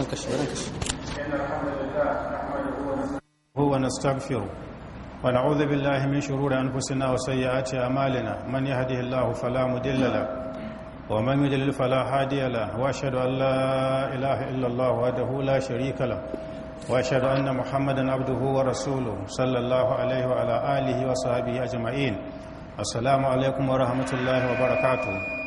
انكش انكش ان الحمد لله نحمده ونستغفره ونعوذ بالله من شرور انفسنا وسيئات اعمالنا من يهده الله فلا مضل له ومن يضلل فلا هادي له واشهد ان لا اله الا الله وحده لا شريك له واشهد ان محمدا عبده ورسوله صلى الله عليه وعلى اله وصحبه اجمعين السلام عليكم ورحمه الله وبركاته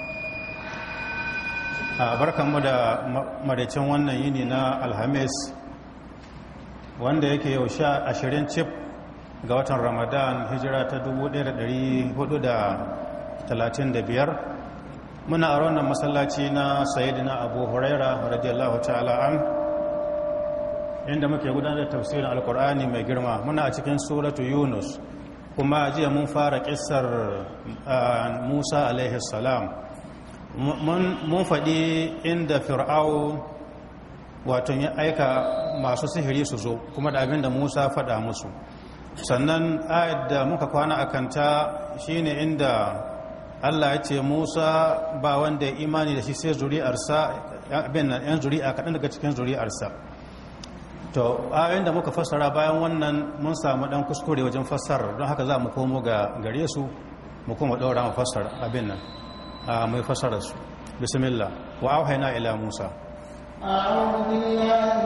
barkan mu da maraicin wannan yini na alhamis wanda yake yau sha ashirin cif ga watan ramadan hijira ta 1435 muna a wannan masallaci na sayidina abu huraira radiyallahu ta'ala an inda muke gudanar da tafsirin alkur'ani mai girma muna a cikin suratu yunus kuma jiya mun fara kisar musa alaihi salam mun faɗi inda fir'au wato ya aika masu sihiri su zo kuma da abin da musa faɗa musu sannan ayat da muka kwana a kanta shi ne inda allah ya ce musa ba wanda ya imani da shi sai zuri'arsa abin nan yan zuri'a kaɗan daga cikin zuri'arsa to ayoyin da muka fassara bayan wannan mun samu ɗan kuskure wajen fassarar don haka za mu komo ga gare su mu kuma ɗaura mu fassara abin nan a mai fasara su bismillah wa auhayna ila musa a'udhu billahi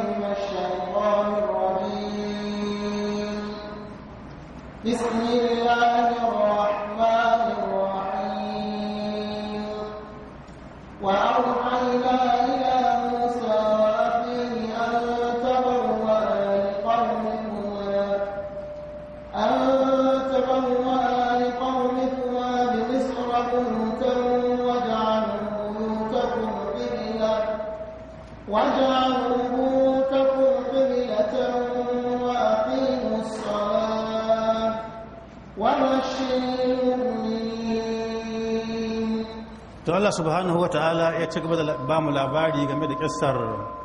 Allah subhanahu wa ta'ala ya ci gaba da ba mu labari game da ƙisar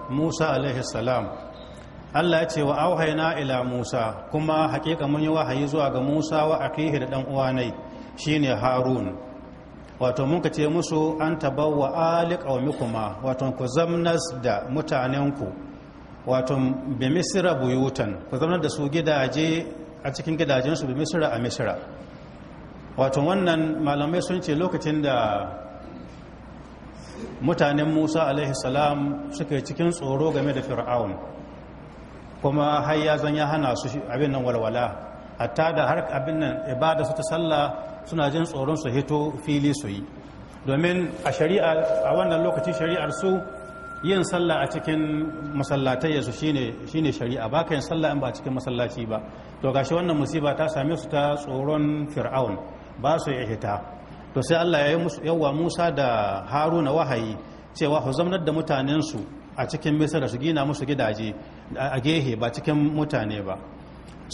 Musa alaihi salam Allah ya ce wa auhaina ila Musa kuma hakika mun yi wahayi zuwa ga Musa wa akihi da dan uwanai shine Harun wato mun ce musu an tabawwa ali qaumikuma wato ku zamnas da mutanenku wato bi misra buyutan ku zamnar da su gidaje a cikin gidajensu bi misra a misra wato wannan malamai sun ce lokacin da mutanen musa alaihi salam suka yi cikin tsoro game da fir'aun kuma har ya zan hana su abin nan walwala hatta da har abin nan ibada su ta sallah suna jin tsoron su hito fili su yi domin a shari'a a wannan lokaci shari'ar su yin sallah a cikin masallatai su shine shari'a ba ka yin sallah in ba cikin masallaci ba to gashi wannan musiba ta same su ta tsoron fir'aun ba su yi hita to sai Allah ya yi yawa Musa da Haruna wahayi cewa ku zamanar da mutanensu a cikin da su gina musu gidaje a gehe ba cikin mutane ba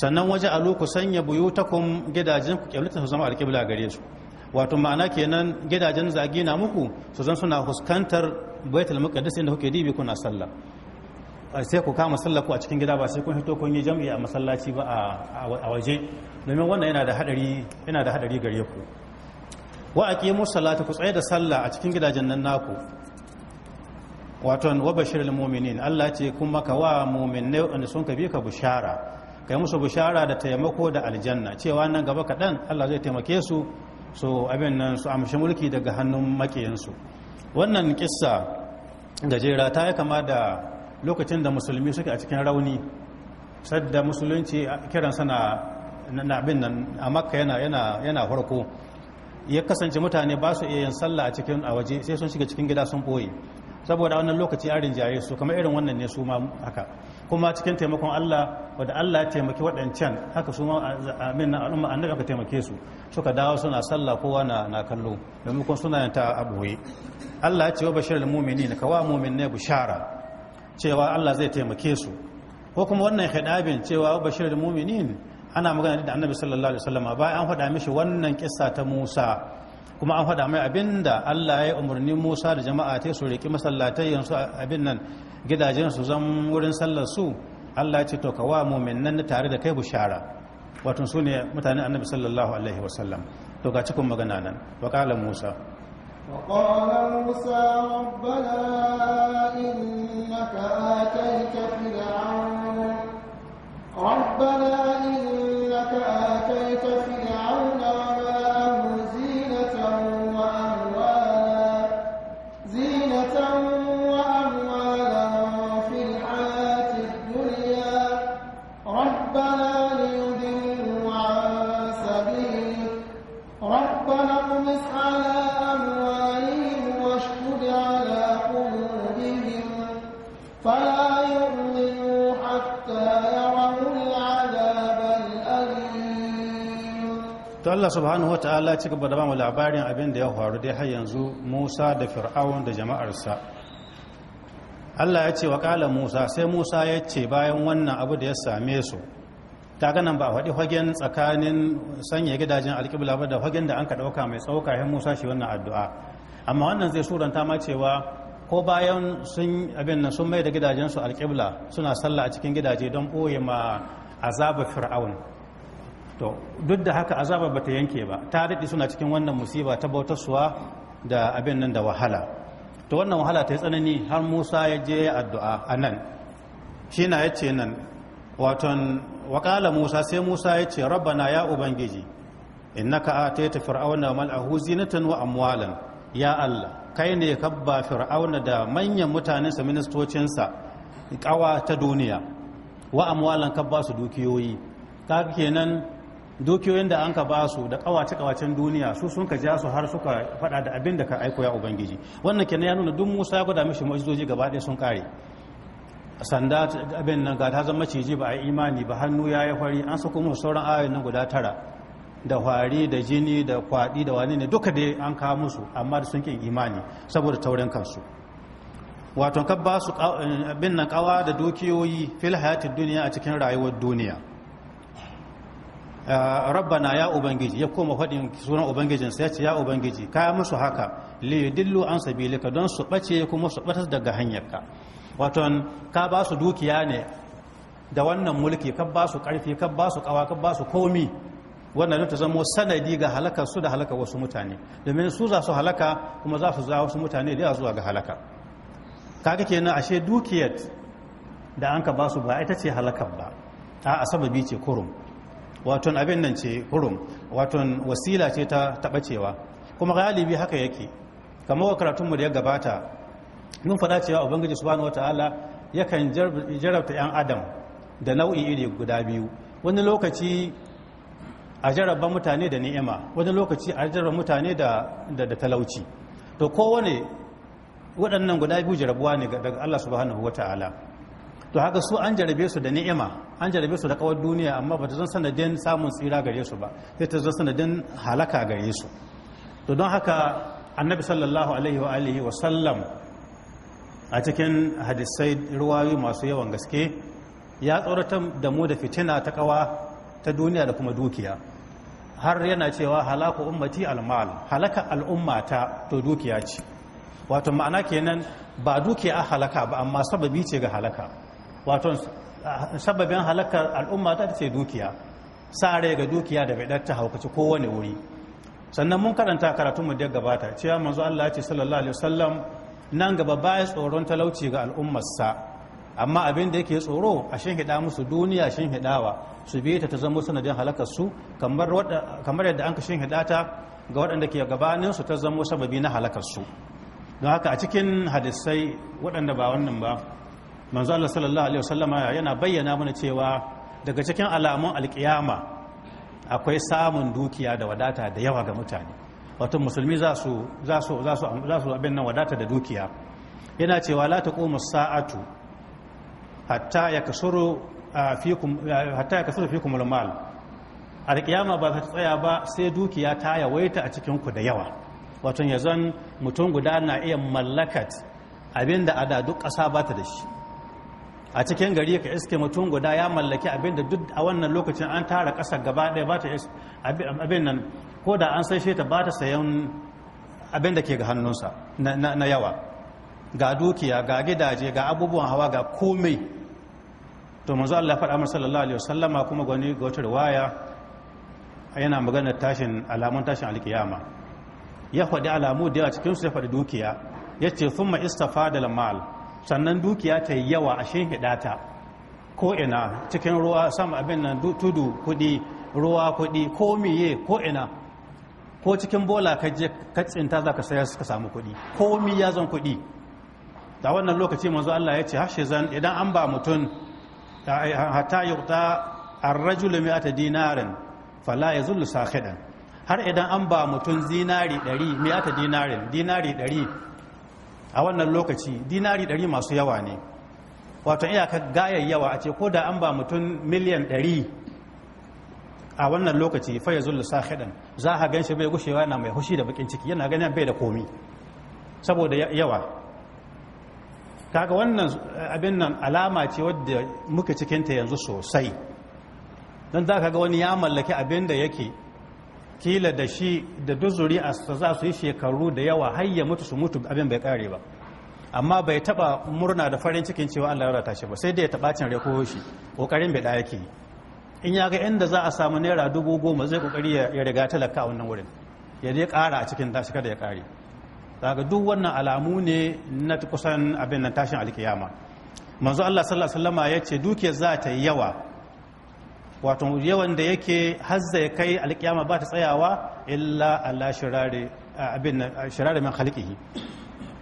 sannan waje a ku sanya kun gidajen ku kyaulata su zama alƙibla gare su wato ma'ana kenan gidajen za gina muku su zan suna fuskantar baitul muqaddas inda kuke dibi kuna sallah sai ku kama sallah ku a cikin gida ba sai kun fito kun yi jam'i a masallaci ba a waje domin wannan yana da hadari yana da hadari gare ku wa aqimu salata ku tsaye da sallah a cikin gidajen nan naku waton wa mu'minin Allah ce kuma ka wa mu'minai wanda sun ka bi ka bushara yi musu bushara da taimako da aljanna cewa nan gaba kaɗan Allah zai taimake su so abin nan su amshi mulki daga hannun makiyansu wannan kissa gajera ta yi kama da lokacin da musulmi suke a cikin rauni sadda musulunci kiransa na abin nan a makka yana yana yana farko ya kasance mutane ba su iya yin sallah a cikin a waje sai sun shiga cikin gida sun boye saboda wannan lokaci an rinjaye su kamar irin wannan ne su ma haka kuma cikin taimakon Allah wadda Allah ya taimaki waɗancan haka su ma amin na al'umma annabi aka taimake su suka dawo suna sallah kowa na na kallo domin kun suna yin ta a boye Allah ya ce wa bashirul mu'minin ka wa ne bishara cewa Allah zai taimake su ko kuma wannan hidabin cewa wa bashirul mu'minin ana magana da annabi sallallahu alaihi wasallam bayan an faɗa mishi wannan kissa ta Musa kuma an faɗa mai abin da Allah ya yi umarni Musa da jama'a ta su riƙi masallatai yanzu abin nan gidajen su zan wurin sallar su Allah ya ce to kawa mu'minan tare da kai bushara wato su ne mutanen annabi sallallahu alaihi wasallam to ga cikin magana nan wa qala Musa qala Musa rabbana innaka ataita فرعون ربنا إنك آتيت فرعون وملأه زينة وأموالا زينة وأموالا في الحياة الدنيا ربنا ليضلوا عن سبيلك ربنا اطمس على أموالهم واشدد على قلوبهم فلا to Allah subhanahu wataala ci gaba da ba mu labarin abin da ya faru dai har yanzu Musa da Fir'aun da jama'arsa Allah ya ce wa kala Musa sai Musa ya ce bayan wannan abu da ya same su ta ganan ba a faɗi hagen tsakanin sanya gidajen alƙibla ba da hagen da an ka ɗauka mai tsauka ya musa shi wannan addu'a amma wannan zai suranta ma cewa ko bayan sun abin nan sun mai da su alƙibla suna sallah a cikin gidaje don ɓoye ma azaba fir'aun to duk da haka azabar bata yanke ba ta daɗe suna cikin wannan musiba ta bautarsuwa da abin nan da wahala to wannan wahala ta yi tsanani har musa ya je ya addu'a a nan shi na ya ce nan waton wakala musa sai musa ya ce rabbana ya ubangiji yi ta fir'auna mal'ahu zinatan wa amwalan ya allah kai ne ka ba fir'auna da manyan mutanensa ministocinsa kawa ta duniya wa amwalan ba su dukiyoyi ta kenan Dokiyoyin da an ka ba su da kawace-kawacen duniya su sun ka ja su har suka fada da abin da ka aiko ya ubangiji wannan kenan ya nuna duk musa ya gwada mishi gaba ɗaya sun kare sanda abin nan ga ta zama ciji ba a imani ba hannu ya yi fari an sako musu sauran ayoyin nan guda tara da fari da jini da kwaɗi da wani ne duka dai an kawo musu amma da sun kin imani saboda taurin kansu wato ka ba su abin nan kawa da dokiyoyi fil hayatid duniya a cikin rayuwar duniya Eh, rabbana ya ubangiji ya koma faɗin sunan ubangijin ubangijinsa ya ce ya ubangiji ka musu haka li dillu an sabilika don su ɓace kuma su ɓatas daga hanyarka waton ka ba su dukiya ne da wannan mulki ka ba su ƙarfi ka ba su ƙawa ka ba su komi wannan ta zamo sanadi ga halakar su da halakar wasu mutane domin su za su halaka kuma za su za wasu mutane da zuwa ga halaka kaga kenan ashe dukiyar da an ka ba su ba ita ce halakar ba a sababi ce kurum waton abin nan ce hurum waton wasila ce ta tabacewa kuma galibi haka yake kamar wa karatunmu da ya gabata mun faɗa cewa ubangiji subhanahu wataala yakan jarabta 'yan adam da nau'i iri guda biyu wani lokaci a jaraba mutane da ni'ima wani lokaci a jaraba mutane da talauci to kowane waɗannan guda biyu jarabuwa ne daga Allah subhanahu wataala to haka su an jarabe su da ni'ima an jarabe su da kawar duniya amma ba ta zan sanadin samun tsira gare su ba sai ta zan sanadin halaka gare su to don haka annabi sallallahu alaihi wa alihi wa sallam a cikin hadisai ruwayoyi masu yawan gaske ya tsorata da mu da fitina ta kawa ta duniya da kuma dukiya har yana cewa halaku ummati almal halaka al'ummata to dukiya ce wato ma'ana kenan ba dukiya halaka ba amma sababi ce ga halaka wato sababin halakar al'umma ta ce dukiya sare ga dukiya da bai ta haukaci kowane wuri sannan mun karanta karatun mu da gabata cewa manzo Allah ya ce sallallahu alaihi wasallam nan gaba baya tsoron talauci ga al'ummarsa amma abin da yake tsoro a hida musu duniya hidawa su bi ta ta zama sanadin halakar su kamar kamar yadda an ka hida ta ga waɗanda ke gabanin su ta zama sababi na halakar su don haka a cikin hadisai waɗanda ba wannan ba manzo Allah sallallahu alaihi wasallama yana bayyana mana cewa daga cikin alamun alkiyama akwai samun dukiya da wadata da yawa ga mutane wato musulmi za su za su za su za su abin nan wadata da dukiya yana cewa la taqumu sa'atu hatta yakasuru fiikum hatta yakasuru fiikum al-mal alkiyama ba za ta tsaya ba sai dukiya ta yawaita a cikin ku da yawa wato yazan mutum guda na iya mallakat abinda a da duk ƙasa ba ta da shi a cikin gari ka iske mutum guda ya mallaki abin da duk a wannan lokacin an tara ƙasa gaba ɗaya ba ta abin nan ko da an sai ta ba ta sayan abin ke ga hannunsa na yawa ga dukiya ga gidaje ga abubuwan hawa ga komai to manzo Allah faɗa masa sallallahu alaihi wasallama kuma gwani ga wata riwaya yana magana tashin alamun tashin alkiyama ya faɗi alamu da yawa cikinsu ya faɗi dukiya yace thumma istafada al-mal sannan dukiya ta yi yawa a shehida ta koina cikin ruwa sama abin nan tudu kudi ruwa kudi ko miye ko ko cikin bola ka je ka tsinta za ka sayar suka samu kudi ko miya zan kudi da wannan lokaci manzo Allah ya ce hashe zan idan an ba mutum hatta yuqta ar-rajul mi'ata dinarin fala yazullu sakhidan har idan an ba mutum zinari 100 mi'ata dinarin dinari 100 a wannan lokaci dinari ɗari masu yawa ne wato iyakar gayar yawa a ce ko da an ba mutum miliyan ɗari a wannan lokaci faya zulu sa sahidan za a gan shi bai gushewa yana mai hushi da bakin ciki yana ganin bai da komi saboda yawa kaga wannan eh, abin nan alama ce wadda muka cikinta yanzu sosai don za ka ga wani ya mallaki abin da yake kila da shi da duk zuri'arsa za su yi shekaru da yawa har ya mutu su mutu abin bai kare ba amma bai taba murna da farin cikin cewa Allah ya rata shi ba sai da ya taba cin rako shi kokarin bai da yake in ya ga inda za a samu naira dubu goma zai kokari ya riga talaka a wannan wurin ya dai kara a cikin tashi kada ya kare daga duk wannan alamu ne na kusan abin nan tashin alkiyama manzo Allah sallallahu alaihi wasallama yace dukiyar za ta yi yawa wato yawan da yake hazza ya kai alkiyama ba ta tsayawa illa Allah shirare abin shirare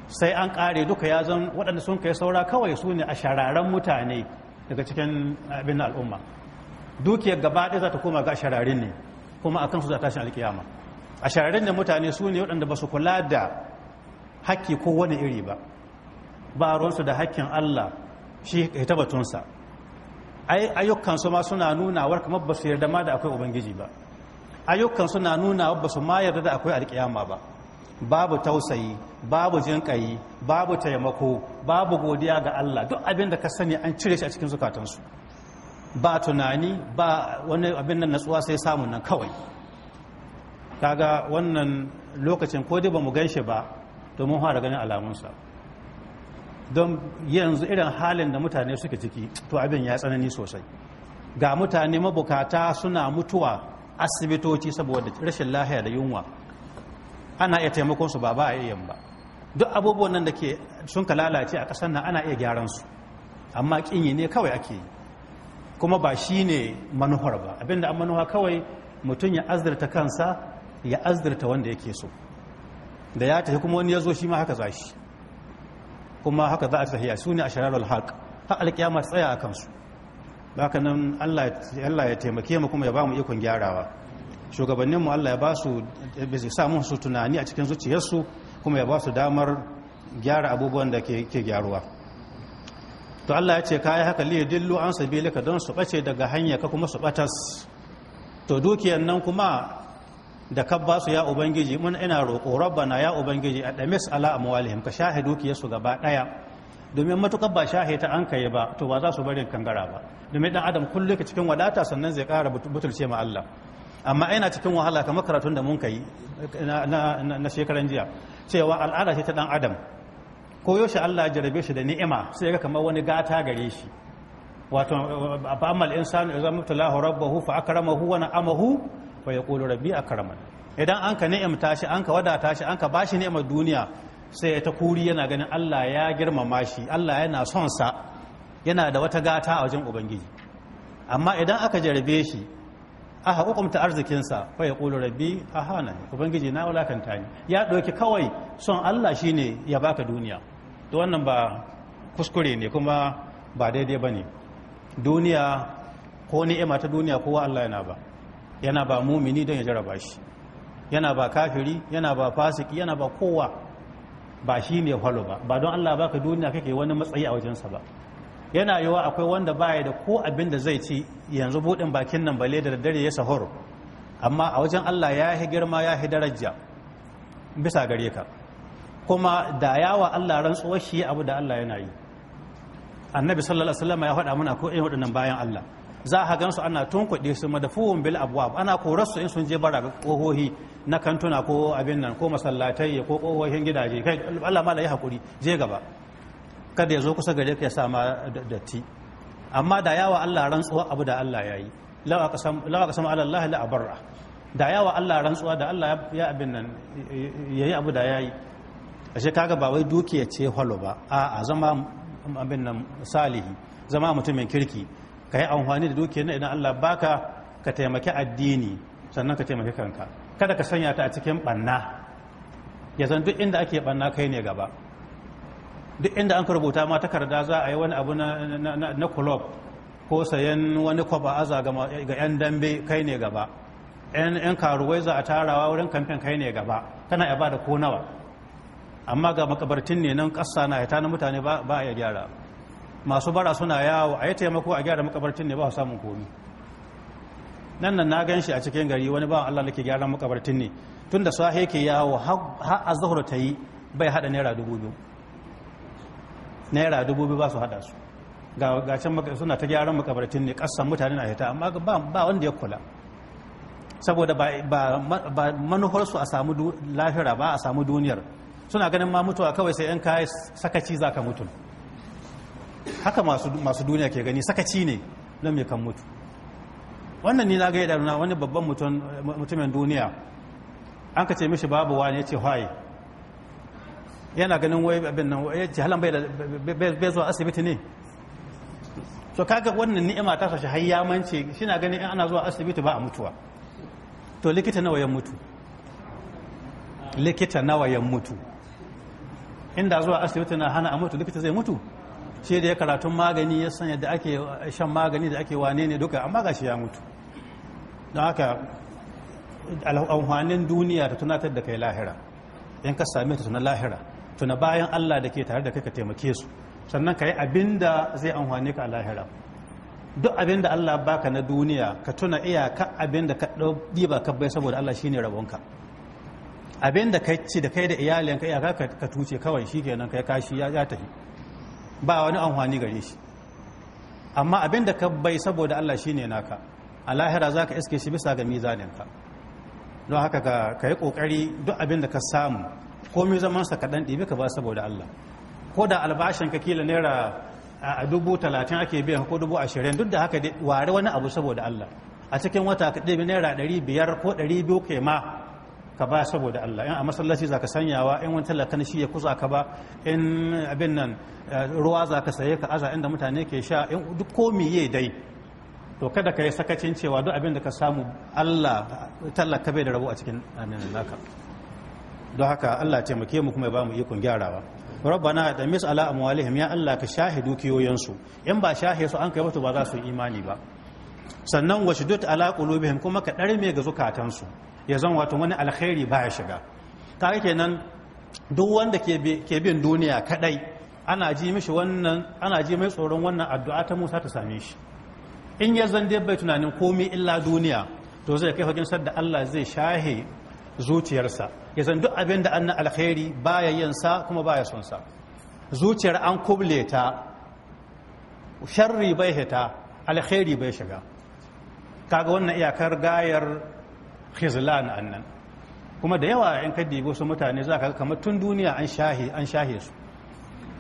sai an ƙare duka ya zan waɗanda sun kai saura kawai su ne a shararen mutane daga cikin abin al'umma dukiyar gaba ɗaya za ta koma ga shararin ne kuma akan su za ta shi alkiyama a shararin da mutane su ne waɗanda ba su kula da hakki ko wani iri ba ba ruwansu da hakkin Allah shi ya tabbatunsa ayyukan su ma suna nuna war kamar ba su yarda ma da akwai ubangiji ba ayyukan suna nuna ba su ma yarda da akwai alkiyama ba babu tausayi babu jinƙayi babu taimako babu godiya ga Allah duk abin da ka sani an cire shi a cikin zukatansu ba tunani ba wani abin nan natsuwa sai samun nan kawai kaga wannan lokacin ko dai ba mu gan shi ba domin fara ganin alamunsa don yanzu irin halin da mutane suke ciki to abin ya tsanani sosai ga mutane mabukata suna mutuwa asibitoci saboda rashin lahiya da yunwa ana iya taimakon su ba ba a iya ba duk abubuwan nan da ke sun ka lalace a ƙasar nan ana iya gyaran su amma kinyi ne kawai ake yi kuma ba shi ne manuhar ba abinda an manuwa kawai mutum ya azurta kansa ya azurta wanda yake so da ya tafi kuma wani ya zo shi ma haka za shi kuma haka za a sahiya su ne a shararar haƙ har alƙiyama tsaya a kansu haka nan allah ya taimake mu kuma ya ba mu ikon gyarawa shugabanninmu allah ya ba su samun su tunani a cikin zuciyarsu kuma ya ba su damar gyara abubuwan da ke gyaruwa to allah ya ce kayi haka liya dillu an sabilika don su ɓace daga hanya ka kuma su ɓatas to dukiyan nan kuma da ka ba su ya ubangiji mun ina roƙo rabbana ya ubangiji a damis ala mawalihim ka shahe dukiyarsu gaba ɗaya domin matuƙar ba shahe ta an kai ba to ba za su bari kangara ba domin ɗan adam kullu ka cikin wadata sannan zai ƙara butulce ma Allah amma ina cikin wahala kamar karatun da mun kai na shekaran jiya cewa al'ada ce ta ɗan adam ko shi Allah ya jarabe shi da ni'ima sai ga kamar wani gata gare shi wato fa amal insanu idza mubtalahu rabbahu fa akramahu wa amahu. fa ya Rabi rabbi karaman idan an ka ni'imta shi an ka wadata shi an ka bashi ni'imar duniya sai ya ta kuri yana ganin Allah ya girmama shi Allah yana son sa yana da wata gata a wajen ubangiji amma idan aka jarabe shi aka hukumta arzikinsa fa ya Rabi rabbi hana ubangiji na wulakanta ni ya ɗauki kawai son Allah shine ya baka duniya to wannan ba kuskure ne kuma ba daidai ba ne duniya ko ni'ima ta duniya kowa Allah yana ba yana ba mumini don ya jaraba shi yana ba kafiri yana ba fasiki yana ba kowa ba shi ne holo ba ba don Allah baka duniya kake wani matsayi a wajensa ba yana yiwa akwai wanda baya da ko abin da zai ci yanzu buɗin bakin nan bale da daddare ya sahur amma a wajen Allah ya yi girma ya yi daraja bisa gare ka kuma da yawa Allah rantsuwar shi abu da Allah yana yi annabi sallallahu alaihi wasallam ya faɗa mana ko irin waɗannan bayan Allah za a gansu ana tunkuɗe su madafuhun bil abwab ana korar su in sun je bara kohohi na kantuna ko abin nan ko masallatai ko kohohin gidaje kai Allah ma ya hakuri je gaba kada ya zo kusa gare ka ya sa ma datti amma da yawa Allah rantsuwa abu da Allah ya yi lawa kasam ala Allah la abarra da yawa Allah rantsuwa da Allah ya abin nan yayi abu da yayi ashe kaga ba wai dukiya ce halo ba a'a zama abin nan salihi zama mutumin kirki ka yi amfani da dukiyar idan Allah baka ka taimaki addini sannan ka taimaki kanka kada ka sanya ta a cikin banna ya zan duk inda ake banna kai ne gaba duk inda an rubuta ma takarda za a yi wani abu na kulob ko sayan wani kwaba aza ga 'yan dambe kai ne gaba 'yan karuwai za a tarawa wurin kamfen kai ne gaba kana ya ba da ko nawa amma ga makabartin ne nan ƙasa na ya ta na mutane ba ya gyara masu bara suna yawo a yi taimako a gyara makabartin ne ba samun komi nan nan na gan shi a cikin gari wani ba Allah ke gyara makabartin ne tun da sahe ke yawo har azhar ta yi bai hada naira dubu biyu naira dubu biyu ba su hada su ga can suna ta gyaran makabartin ne kasan mutane na hita amma ba wanda ya kula saboda ba manufarsu a samu lafira ba a samu duniyar suna ganin ma mutuwa kawai sai yan kayi sakaci za ka mutu haka masu duniya ke gani sakaci ne don mai kan mutu wannan ni na ga yadda wani babban mutumin duniya an ka ce mishi babu wani ya ce haye yana ganin wai abin nan ya ce halan bai zuwa asibiti ne to kaga wannan ni'ima ta sashi har ya mance shi na ganin ana zuwa asibiti ba a mutuwa to likita nawa ya mutu likita nawa ya mutu inda zuwa asibiti na hana a mutu likita zai mutu shi da ya karatun magani ya san yadda ake shan magani da ake wane ne duka amma gashi ya mutu don haka amfanin duniya ta tunatar da kai lahira in ka same ta tuna lahira tuna bayan allah da ke tare da kai ka taimake su sannan ka yi abin da zai amfani ka a lahira duk abin da allah baka na duniya ka tuna iyaka abin da ka ba ka bai saboda allah shi ne rabonka abin da ka ci da kai da iyalinka iyaka ka tuce kawai shi kenan kai kashi ya tafi ba wani amfani gare shi amma abin da ka bai saboda Allah shine naka a lahira za ka iske shi bisa ga mizaninka don haka ka yi ƙoƙari duk abin da ka samu komi zamansa ka ɗan ɗibi ka ba saboda Allah ko da albashin ka kila naira a dubu talatin ake biyan ko dubu ashirin duk da haka ware wani abu saboda Allah a cikin wata ka ɗibi naira ɗari biyar ko ɗari biyu ke ma ka ba saboda Allah in a masallaci za ka sanyawa in wani talaka shi ya kusa ka ba in abin nan eh, ruwa za ka saye ka aza inda mutane ke sha in duk komi ya dai to kada ka yi sakacin cewa duk abin da ka samu Allah tallaka bai da rabo a cikin amin naka don haka Allah taimake mu kuma ya ba mu ikon gyarawa rabbana da mis ala amwalihim ya Allah ka shahidu su in ba shahe su an kai wato ba za su imani ba sannan washdud ala qulubihim kuma ka ɗarme ga zukatansu ya zan wato wani alkhairi ba ya shiga kaga kenan duk wanda ke bin duniya kadai ana ji mishi wannan ana ji mai tsoron wannan addu'a ta Musa ta same shi in ya zan dai bai tunanin komai illa duniya to zai kai hujin sadda Allah zai shahe zuciyarsa ya zan duk abin da annan alkhairi baya yin sa kuma baya son sa zuciyar an kuble ta sharri bai hita alkhairi bai shiga kaga wannan iyakar gayar khizlan annan kuma da yawa in ka dibo su mutane za ka kamar tun duniya an shahe an shahe su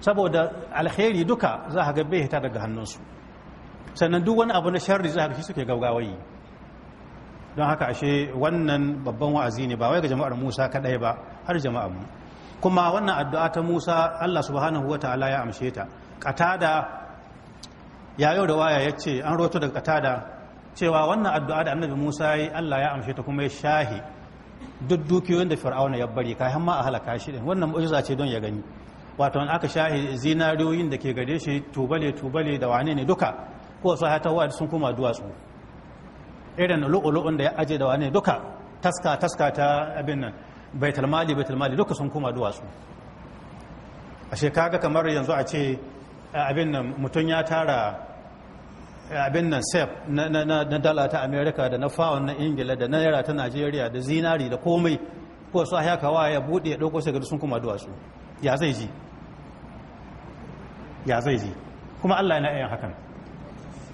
saboda alheri duka za ka ga bai hita daga hannunsu sannan duk wani abu na sharri za ka shi suke gaugawayi don haka ashe wannan babban wa'azi ne ba wai ga jama'ar Musa kadai ba har jama'ar mu kuma wannan addu'a ta Musa Allah subhanahu wataala ya amshe ta qatada ya yau da waya yace an roto daga qatada cewa wannan addu'a da annabi musa ya allah ya amshe ta kuma ya shahi duk dukiyoyin da fir'auna ya bari kayan ma a halaka shi din wannan mu'jiza ce don ya gani wato an aka shahi zinariyoyin da ke gare shi tubale tubale da wane ne duka ko su hata wa sun koma duwatsu irin lu'ulu'un da ya aje da wane duka taska taska ta abin nan baitul mali baitul mali duka sun koma duwatsu a kaga kamar yanzu a ce abin nan mutum ya tara Eh, abin nan sef na dala ta amerika da na fawon na ingila da naira ta najeriya da zinari da komai ko su ya kawa ya bude ya dauko shekaru sun kuma duwatsu ya zai ji ya zai ji kuma allah na yin hakan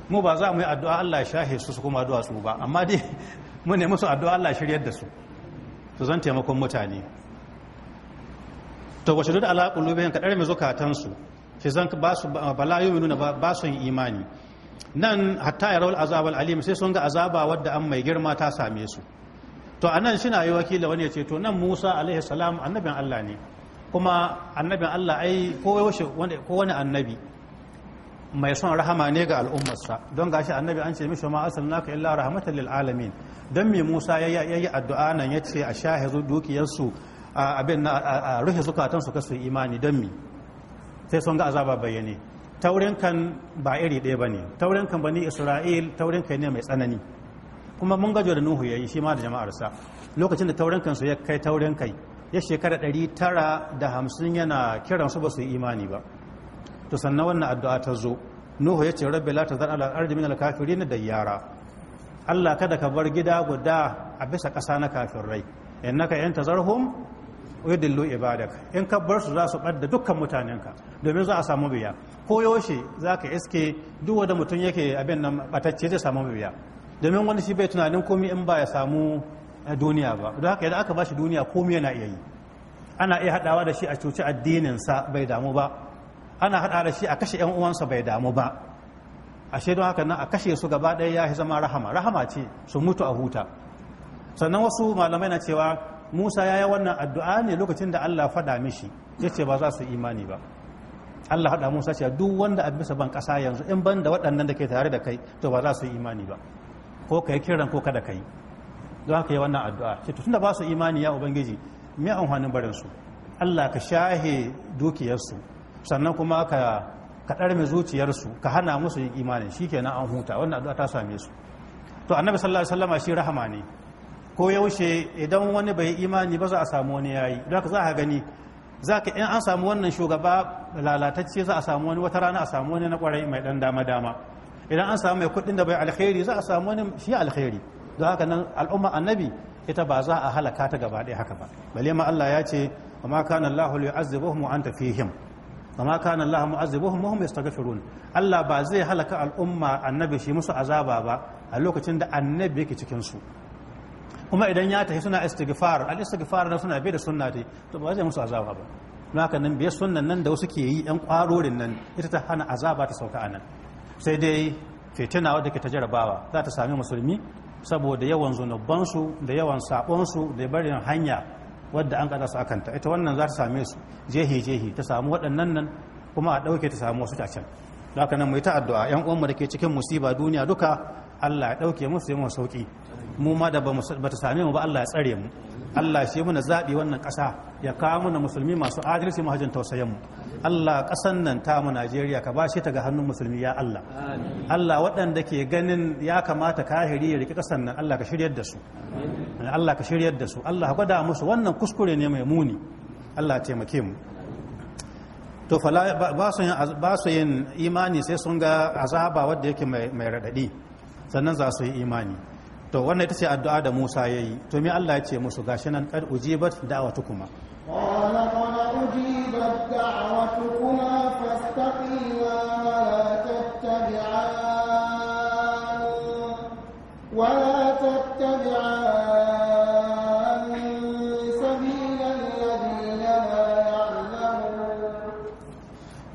mu ba za mu yi addu'a allah ya shahe su su kuma duwatsu ba amma dai mu ne musu addu'a allah shiryar da su su zan taimakon mutane to wace duk alaƙulubiyan kaɗar mai zukatansu shi zan ba su yi ba su imani nan hatta ya rawar azabar alim sai sun ga azaba wadda an mai girma ta same su to a nan shina yi wakila wani ya ce to nan musa alaihi salam annabin allah ne kuma annabin allah ai ko wani annabi mai son rahama ne ga al'ummarsa don gashi annabi an ce mishi ma naka illa rahmatan lil alamin don me musa ya yi addu'a nan ya ce a shahizu dukiyarsu abin na kasu imani don me sai sun ga azaba bayyane taurin kan ba iri ɗaya ba ne taurin kan bani isra'il taurin kai ne mai tsanani kuma mun gajo da nuhu ya yi shi ma da jama'arsa lokacin da taurin kansu ya kai taurin kai ya shekara ɗari tara da hamsin yana kiran su ba su yi imani ba to sannan wannan addu'a ta zo nuhu ya ce rabbi la tazar ala ardi min alkafiri da yara Allah kada ka bar gida guda a bisa ƙasa na kafirai naka yan tazarhum yudillu ibadak in ka bar su za su ɓadda dukkan mutanenka domin za a samu biya koyaushe za ka iske duk wanda mutum yake abin nan batacce zai samu mabiya domin wani shi bai tunanin komi in ba ya samu eh, duniya ba don haka idan aka ba shi duniya komi yana iya yi ana iya haɗawa da shi a cuci addininsa bai damu ba ana haɗa da shi a kashe 'yan uwansa bai damu ba ashe don haka nan a kashe su gaba ɗaya ya zama rahama rahama ce su mutu a huta sannan wasu malamai na cewa musa ya yi wannan addu'a ne lokacin da allah faɗa mishi ya ce ba za su imani ba Allah haɗa Musa cewa duk wanda abin bisa ban ƙasa yanzu in ban da waɗannan da ke tare da kai to ba za su yi imani ba ko kai kiran ko kada kai don haka yi wannan addu'a ce tunda ba su imani ya ubangiji me amfanin barin su Allah ka shahe dukiyarsu sannan kuma ka ka ɗarme zuciyarsu ka hana musu yin imanin shikenan an huta wannan addu'a ta same su to annabi sallallahu alaihi wasallam shi rahama ne ko yaushe idan wani bai yi imani ba za a samu wani yayi don haka za a gani za ka in an samu wannan shugaba lalatacce za a samu wani wata rana a samu wani na kwarai mai dan dama dama idan an samu mai kuɗin da bai alkhairi za a samu wani shi alkhairi don haka nan al'umma annabi ita ba za a halaka ta gaba ɗaya haka ba bale ma Allah ya ce wa ma kana Allahu yu'azzibuhum wa anta fihim wa ma kana Allahu mu'azzibuhum wa hum yastaghfirun Allah ba zai halaka al'umma annabi shi musu azaba ba a lokacin da annabi yake cikin su kuma idan ya tafi suna istighfar al istighfar na suna bai da sunna dai to ba zai musu azaba ba don haka nan bai sunnan nan da wasu ke yi yan kwarorin nan ita ta hana azaba ta sauka anan sai dai fitina wadda ke ta jarabawa za ta sami musulmi saboda yawan zunubansu da yawan sabonsu da barin hanya wadda an kada su akanta ita wannan za ta same su jehi jehi ta samu waɗannan nan kuma a ɗauke ta samu wasu don haka nan mu yi ta addu'a yan mu da ke cikin musiba duniya duka Allah ya ɗauke musu yawan sauki mu ma da ba ta same mu ba Allah ya tsare mu Allah shi muna zaɓi wannan ƙasa ya kawo muna musulmi masu adalci mahajin tausayin mu Allah ƙasan nan ta mu Najeriya ka shi ta ga hannun musulmi ya Allah Allah waɗanda ke ganin ya kamata kahiri ya riƙi ƙasan nan Allah ka shiryar da su Allah ka shiryar da su Allah ka gwada musu wannan kuskure ne mai muni Allah taimake mu to fala ba su yin imani sai sun ga azaba wanda yake mai raɗaɗi sannan za su yi imani to wannan ita ce addu'a da Musa ya yi to me Allah ya ce musu gashi nan kad ujibat da'watukuma qala qad ujibat da'watukuma fastaqima la tattabi'an wa la tattabi'an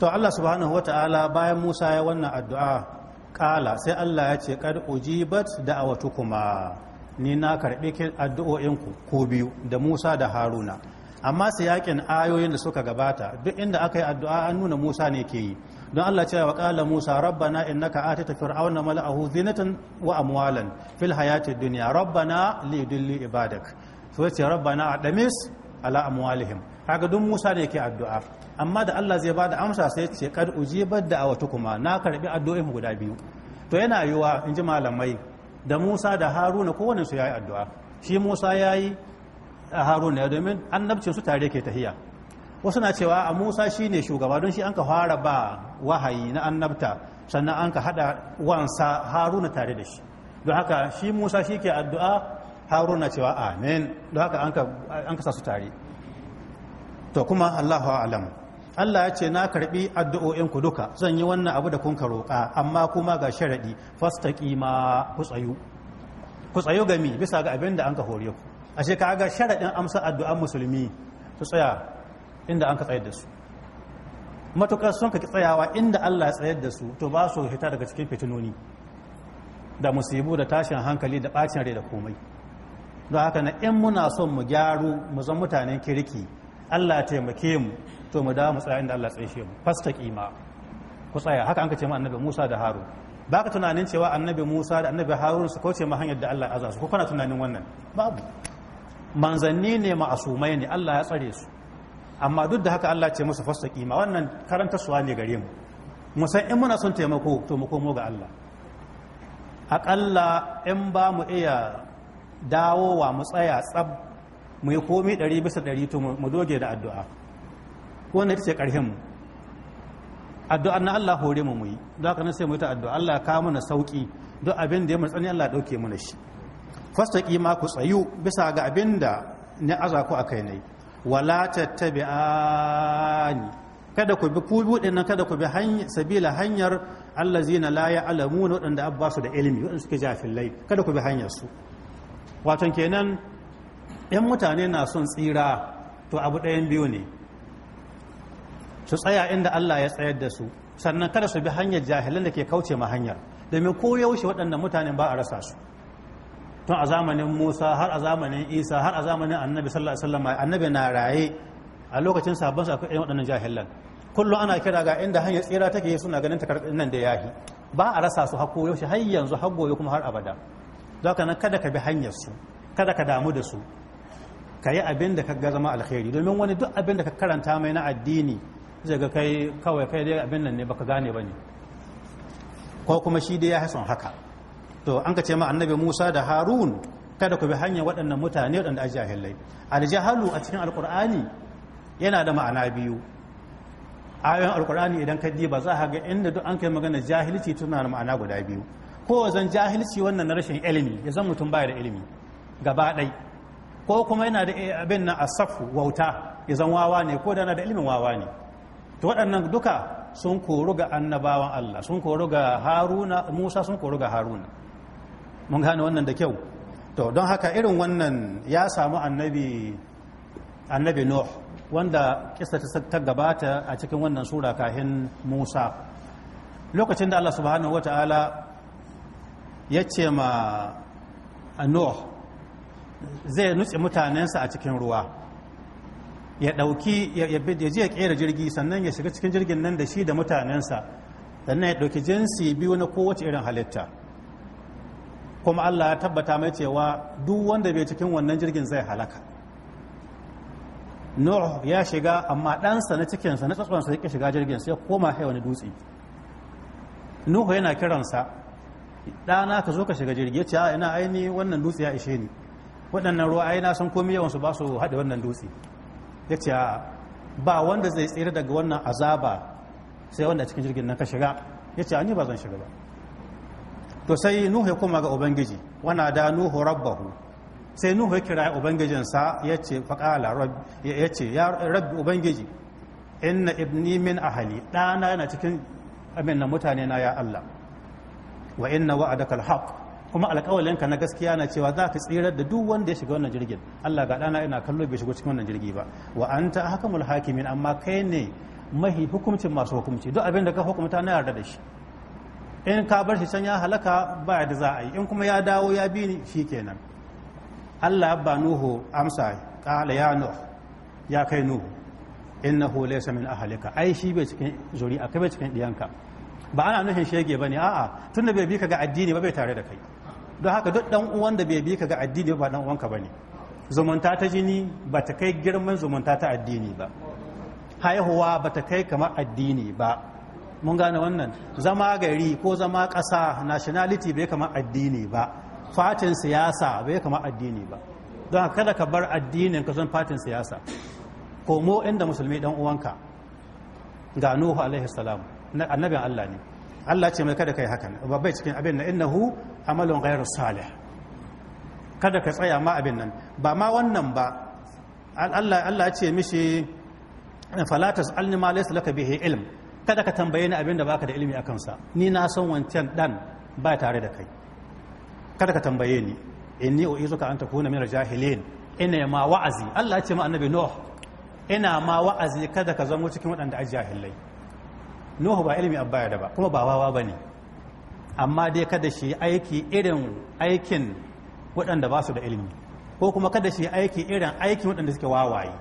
to Allah subhanahu ta'ala bayan Musa ya wannan addu'a kala sai Allah ya ce kad ujibat da'awatukuma ni na karbi addu'o'inku ko biyu da Musa da Haruna amma sai yakin ayoyin da suka gabata duk inda aka yi addu'a an nuna Musa ne ke yi don Allah ce wa kala Musa rabbana innaka atita fir'auna mala'ahu zinatan wa amwalan fil hayati dunya rabbana li dilli ibadak so ce rabbana adamis ala amwalihim Haka duk Musa ne ke addu'a amma da Allah zai bada amsa sai kar ce kad da da'awatu kuma na karbi addu'o'in guda biyu to yana yiwa in ji malamai da Musa da Haruna wani su yayi addu'a shi Musa yayi Haruna ya domin annabcin su tare ke tahiya wasu na cewa a Musa shine shugaba don shi an ka fara ba wahayi na annabta sannan an ka hada wansa Haruna tare da shi don haka shi Musa shi ke addu'a Haruna cewa amin don haka an ka sa su tare to kuma Allahu a'lam Allah ya ce na karbi addu'o'inku duka zan yi wannan abu da kun roƙa amma kuma ga sharadi fastaqima ku tsayu ku tsayu gami bisa ga abin da an ka hore ku ashe ka ga sharaɗin amsa addu'an musulmi su tsaya inda an ka tsayar da su matukar sun ka tsayawa inda Allah ya tsayar da su to ba su hita daga cikin fitinoni da musibu da tashin hankali da bacin rai da komai don haka na in muna son mu gyaru mu zan mutanen kirki Allah taimake mu to mu dawo mu tsaya inda Allah tsaye mu Fasta kima. ku tsaya haka an ka ce ma annabi Musa da Harun ba ka tunanin cewa annabi Musa da annabi Harun su kauce ma hanyar da Allah azza su ko kana tunanin wannan babu manzanni ne ma'asumai ne Allah ya tsare su amma duk da haka Allah ce musu kima. wannan karanta suwa ne gare mu mu san in muna son taimako to mu komo ga Allah aƙalla in ba mu iya dawowa mu tsaya tsab mu yi komai ɗari bisa ɗari to mu doge da addu'a wanda ita ce ƙarfin mu addu'a na Allah hore mu muyi don haka sai mu yi ta addu'a Allah ka mana sauki don abin da ya matsani Allah ɗauke mana shi fastaki ma ku tsayu bisa ga abin da ni aza ku akai nai wala tattabi'ani kada ku bi ku buɗe nan kada ku bi sabila hanyar allazina la ya'lamuna waɗanda su da ilimi waɗanda suke jafilai kada ku bi hanyar su waton kenan yan mutane na son tsira to abu ɗayan biyu ne su tsaya inda Allah ya tsayar da su sannan kada su bi hanyar jahilan da ke kauce ma hanyar domin ko yaushe waɗannan mutane ba a rasa su tun a zamanin Musa har a zamanin Isa har a zamanin Annabi sallallahu alaihi wasallam annabi na raye a lokacin sabon su akwai waɗannan jahilan kullum ana kira ga inda hanyar tsira take suna ganin takardun nan da yahi ba a rasa su hako yaushe har yanzu har gobe kuma har abada za nan kada ka bi hanyar su kada ka damu da su ka yi abin da ka ga zama alkhairi domin wani duk abin da ka karanta mai na addini zai ga kai kawai kai dai abin nan ne baka gane ba ne ko kuma shi dai ya hason haka to an ka ce ma annabi musa da harun kada ku bi hanyar waɗannan mutane waɗanda a jahilai aljahalu a cikin alkur'ani yana da ma'ana biyu ayoyin alkur'ani idan ka diba za a ga inda duk an kai magana jahilci tuna da ma'ana guda biyu ko wajen jahilci wannan na rashin ilimi ya zan mutum baya da ilimi gaba ɗai ko kuma yana da eh, abin na asafu wauta izan wawa ne ko da yana da ilimin wawa ne to waɗannan duka sun koru ga annabawan Allah sun koru ga Haruna Musa sun koru ga Haruna mun gane wannan da kyau to don haka irin wannan ya samu annabi annabi Nuh wanda kissa ta gabata a cikin wannan sura kahin Musa lokacin da Allah subhanahu wataala ya ce ma Nuh zai nutse mutanensa a cikin ruwa ya ɗauki ya je ya kera jirgi sannan ya shiga cikin jirgin nan da shi da mutanensa sannan ya ɗauki jinsi biyu na kowace irin halitta kuma allah ya tabbata mai cewa duk wanda bai cikin wannan jirgin zai halaka nuh ya shiga amma ɗansa na cikinsa na tsatsonsa ya shiga jirgin sai koma kai wani dutse nuhu yana kiransa ɗana ka zo ka shiga jirgi ya ce ina aini wannan dutse ya ishe ni waɗannan ruwa ai na san komai yawan su ba su haɗe wannan dutse ya ce ba wanda zai tsira daga wannan azaba sai wanda cikin jirgin nan ka shiga ya ce ni ba zan shiga ba to sai nuhu ya koma ga ubangiji wana da nuhu rabbahu sai nuhu ya kira ubangijinsa ya ce faƙala ya ce ya rabbi ubangiji inna ibni min ahali ɗana yana cikin amin mutane na ya allah wa inna wa'adaka alhaq kuma ka na gaskiya na cewa za ka tsirar da duk wanda ya shiga wannan jirgin Allah ga ɗana ina kallo bai shigo cikin wannan jirgi ba wa anta hakamul hakimin amma kai ne mahi hukuncin masu hukunci duk abin da ka hukumta na yarda da shi in ka bar shi can ya halaka ba da za a yi in kuma ya dawo ya bi ni shi kenan Allah ba nuhu amsa qala ya nuh ya kai nuhu innahu laysa min ahlika ai shi bai cikin zuri'a kai bai cikin diyanka ba ana nuhin shege ba ne a'a tun tunda bai bi ka ga addini ba bai tare da kai don haka duk dan uwan da bai bi ka ga addini ba dan uwanka bane zumunta ta jini ba ta kai girman zumunta ta addini ba haihuwa ba ta kai kamar addini ba mun gane wannan zama gari ko zama ƙasa nationality bai kamar addini ba fatin siyasa bai kamar addini ba don haka kada ka bar addinin ka son fatin siyasa komo inda musulmi dan uwanka ga nuhu alaihi salam annabi Allah ne Allah ce mai kada kai hakan bai cikin abin na innahu amalin ghairu salih kada ka tsaya ma abin nan ba ma wannan ba Allah ya ce mishi falatas laka bihi ilm kada ka tambaye ni abin da baka da ilimi akan ni na san wancan dan ba tare da kai kada ka tambaye ni inni min jahilin ina ma wa'azi Allah ya ce ma annabi nuh ina ma wa'azi kada ka zama cikin waɗanda ajahilai nuhu ba ilimi abba da ba kuma ba wawa bane amma dai kada shi aiki irin aikin waɗanda ba su da ilimi ko kuma kada shi aiki irin aikin waɗanda suke wawaye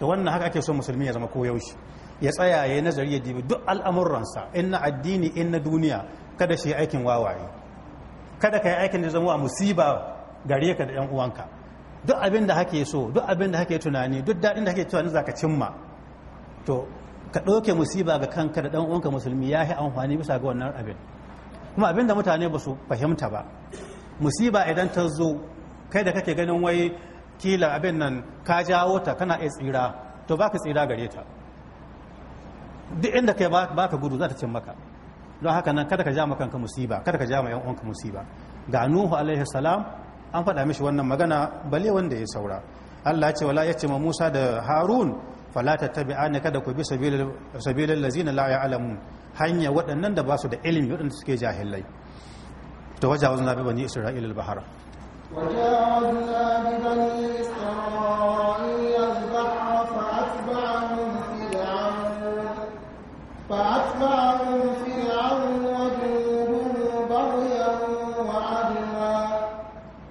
da wannan haka ake so musulmi ya zama koyaushe ya tsaya ya yi nazari ya dibi duk al'amuransa in na addini in na duniya kada shi aikin wawaye kada ka yi aikin da zama wa musiba gare ka da 'yan uwanka duk abin da hake so duk abin da hake tunani duk daɗin da hake tunani za ka cimma to ka ɗauke musiba ga kanka da ɗan uwanka musulmi ya yi amfani bisa ga wannan abin kuma abinda mutane ba su fahimta ba musiba idan ta zo kai da kake ganin wai kila abin nan ka jawo ta kana iya tsira to baka tsira gare ta duk inda kai baka gudu za ta cin maka don haka nan kada ka ja musiba kada ka ja ma yan uwanka musiba ga nuhu alaihi salam an faɗa mishi wannan magana bale wanda ya saura Allah ce wala ya ce ma Musa da Harun fala tattabi'ani kada ku bi sabilil lazina la ya'lamun hanya waɗannan da ba su da ilimi waɗanda suke jahilai ta wajawaz wajen bi bani isra'il al-bahara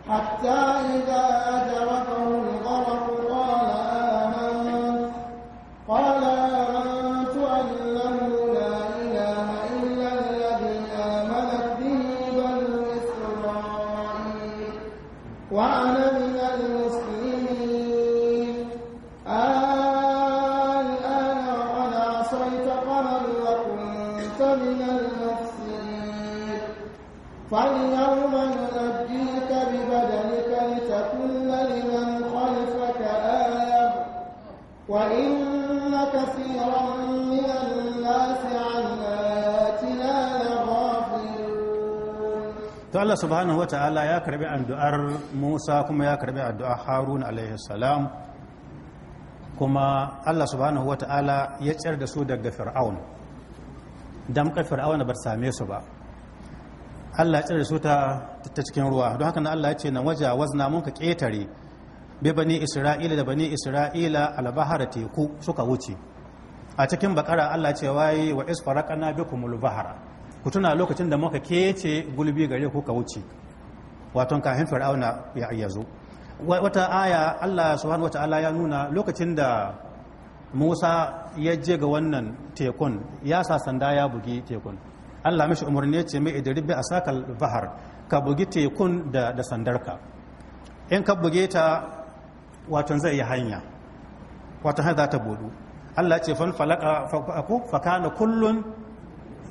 حتى إذا subhanahu wata'ala ya karbi addu'ar Musa kuma ya karbi addu'ar Harun alaihi salam kuma Allah subhanahu wata'ala ya tsar da su daga Fir'aun damkar Fir'aun ba same su ba Allah ya tsar da su ta ta cikin ruwa don haka Allah ya ce na waja wazna mun ka ketare bi bani Isra'ila da bani Isra'ila al-bahara teku suka wuce a cikin bakara Allah ya ce waye wa isfaraqna bikumul bahara ku tuna lokacin da muka kece gulbi gare ku ka wuce waton kafin fir'auna ya ayyazo wata aya Allah subhanahu wata'ala ya nuna lokacin da Musa ya je ga wannan tekun ya sa sanda ya bugi tekun Allah mishi umarni ya ce mai idribi asakal bahar ka bugi tekun da da sandarka in ka buge ta waton zai yi hanya waton hanya ta budu Allah ce fan falaka fa kana kullun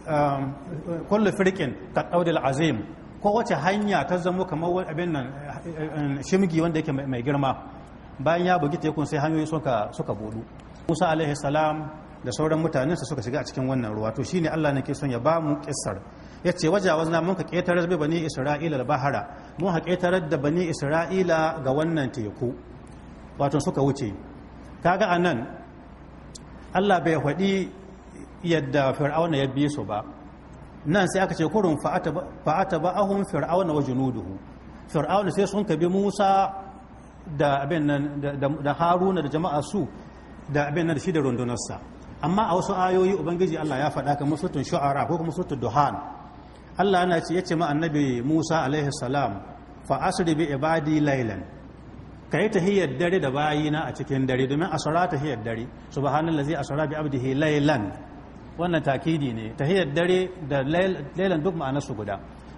Um, kullu firqin kad'audil azim kowace hanya ta zama kamar abin nan eh, eh, shimgi wanda yake mai girma bayan ya bugi tekun sai hanyoyi suka suka budu Musa alaihi salam da sauran mutanen su suka shiga a cikin wannan ruwa to shine Allah ne ke son ya ba mu kissar ya ce wajawaz na ka ƙetarar bai bani isra'ila da bahara mun ha ƙetare da bani isra'ila ga wannan teku wato suka wuce kaga a nan allah bai faɗi yadda fir'auna ya bi su ba nan sai aka ce kurun fa'ata ba ahun fir'auna wa junuduhu fir'auna sai sun kabi musa da abin nan da haruna da jama'a su da abin nan da shi da rundunarsa amma a wasu ayoyi ubangiji allah ya faɗa kamar sutun shu'ara ko kuma sutun duhan allah yana ce ya ce ma annabi musa alaihi salam fa asri bi ibadi laylan ka yi tahiyyar dare da bayina a cikin dare domin asara tahiyyar dare subhanallazi asara bi abdihi laylan wannan takidi ne hiyar dare da lailan duk su guda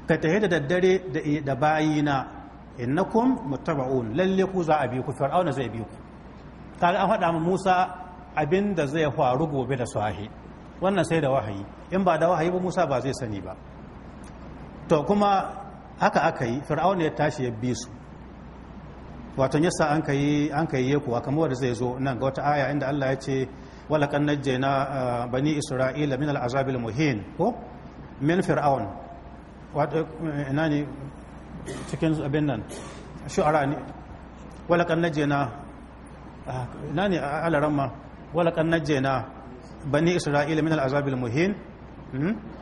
ka tahiyar da dare da bayina innakum mutaba'un lalle ku za a bi ku fir'auna zai bi ku kaga an faɗa ma Musa abin da zai faru gobe da sahi wannan sai da wahayi in ba da wahayi ba Musa ba zai sani ba to kuma haka aka yi fir'auna ya tashi ya bi su wato yasa an ka yi an yi yekuwa kamar wanda zai zo nan ga wata aya inda Allah ya ce walakan najjayna bani isra'ila min al'azabil muhin ko min fir'aun wato ina ne cikin abin nan shu'ara ne walakan najjayna ina ne alaramma walakan najjayna bani isra'ila min al'azabil muhin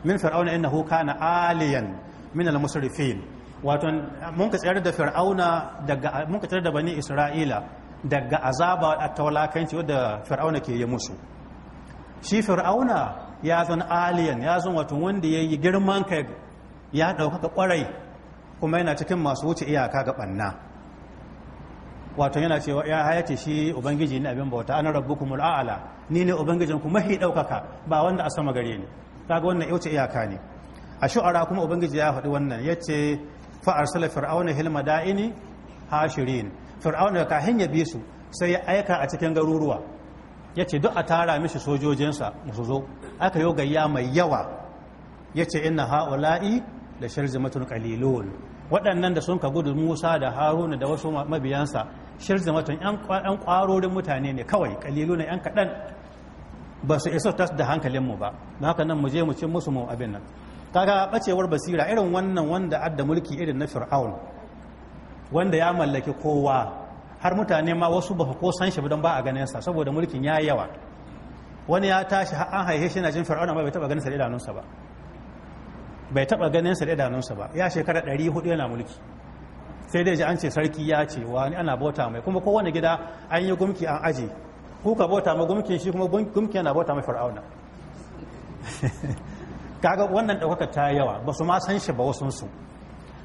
min fir'auna innahu kana aliyan min al-musrifin wato mun ka tsayar da fir'auna daga mun ka tsayar da bani isra'ila daga azaba ta walakanci wadda fir'auna ke yi musu shi fir'auna ya zan alien ya zan wato wanda ya yi girman kai ya ɗaukaka ƙwarai kuma yana cikin masu wuce iyaka ga ɓanna wato yana cewa ya hayace shi ubangiji ne abin bauta ana rabu kuma al'ala ni ne ubangijin ku hi ɗaukaka ba wanda a sama gare ni kaga wannan ya wuce iyaka ne a shu'ara kuma ubangiji ya faɗi wannan ya ce fa'arsala fir'auna hilma da'ini hashirin fir'auna kahin ya bi su sai ya aika a cikin garuruwa ya ce duk a tara mishi sojojinsa su zo aka yi gayya mai yawa ya ce ina ha'ula'i da shirzimatun kalilun waɗannan da sun ka gudu musa da haruna da wasu mabiyansa shirzimatun yan ƙwarorin mutane ne kawai na yan kaɗan ba su iso tas da hankalinmu ba na haka nan mu je mu cin musu mu abin nan kaga ɓacewar basira irin wannan wanda adda mulki irin na fir'aun wanda ya mallaki kowa har mutane ma wasu ba ko san shi don ba a ganin sa saboda mulkin ya yawa wani ya tashi an haihe shi na jin fir'auna ba bai taba ganin sa idanunsa ba bai taba ganin sa idanunsa ba ya shekara 400 yana mulki sai dai ji an ce sarki ya ce wa ni ana bauta mai kuma kowane gida an yi gumki an aje kuka bauta ma gumkin shi kuma gumki yana bauta mai fir'auna kaga wannan daukaka ta yawa ba su ma san shi ba sun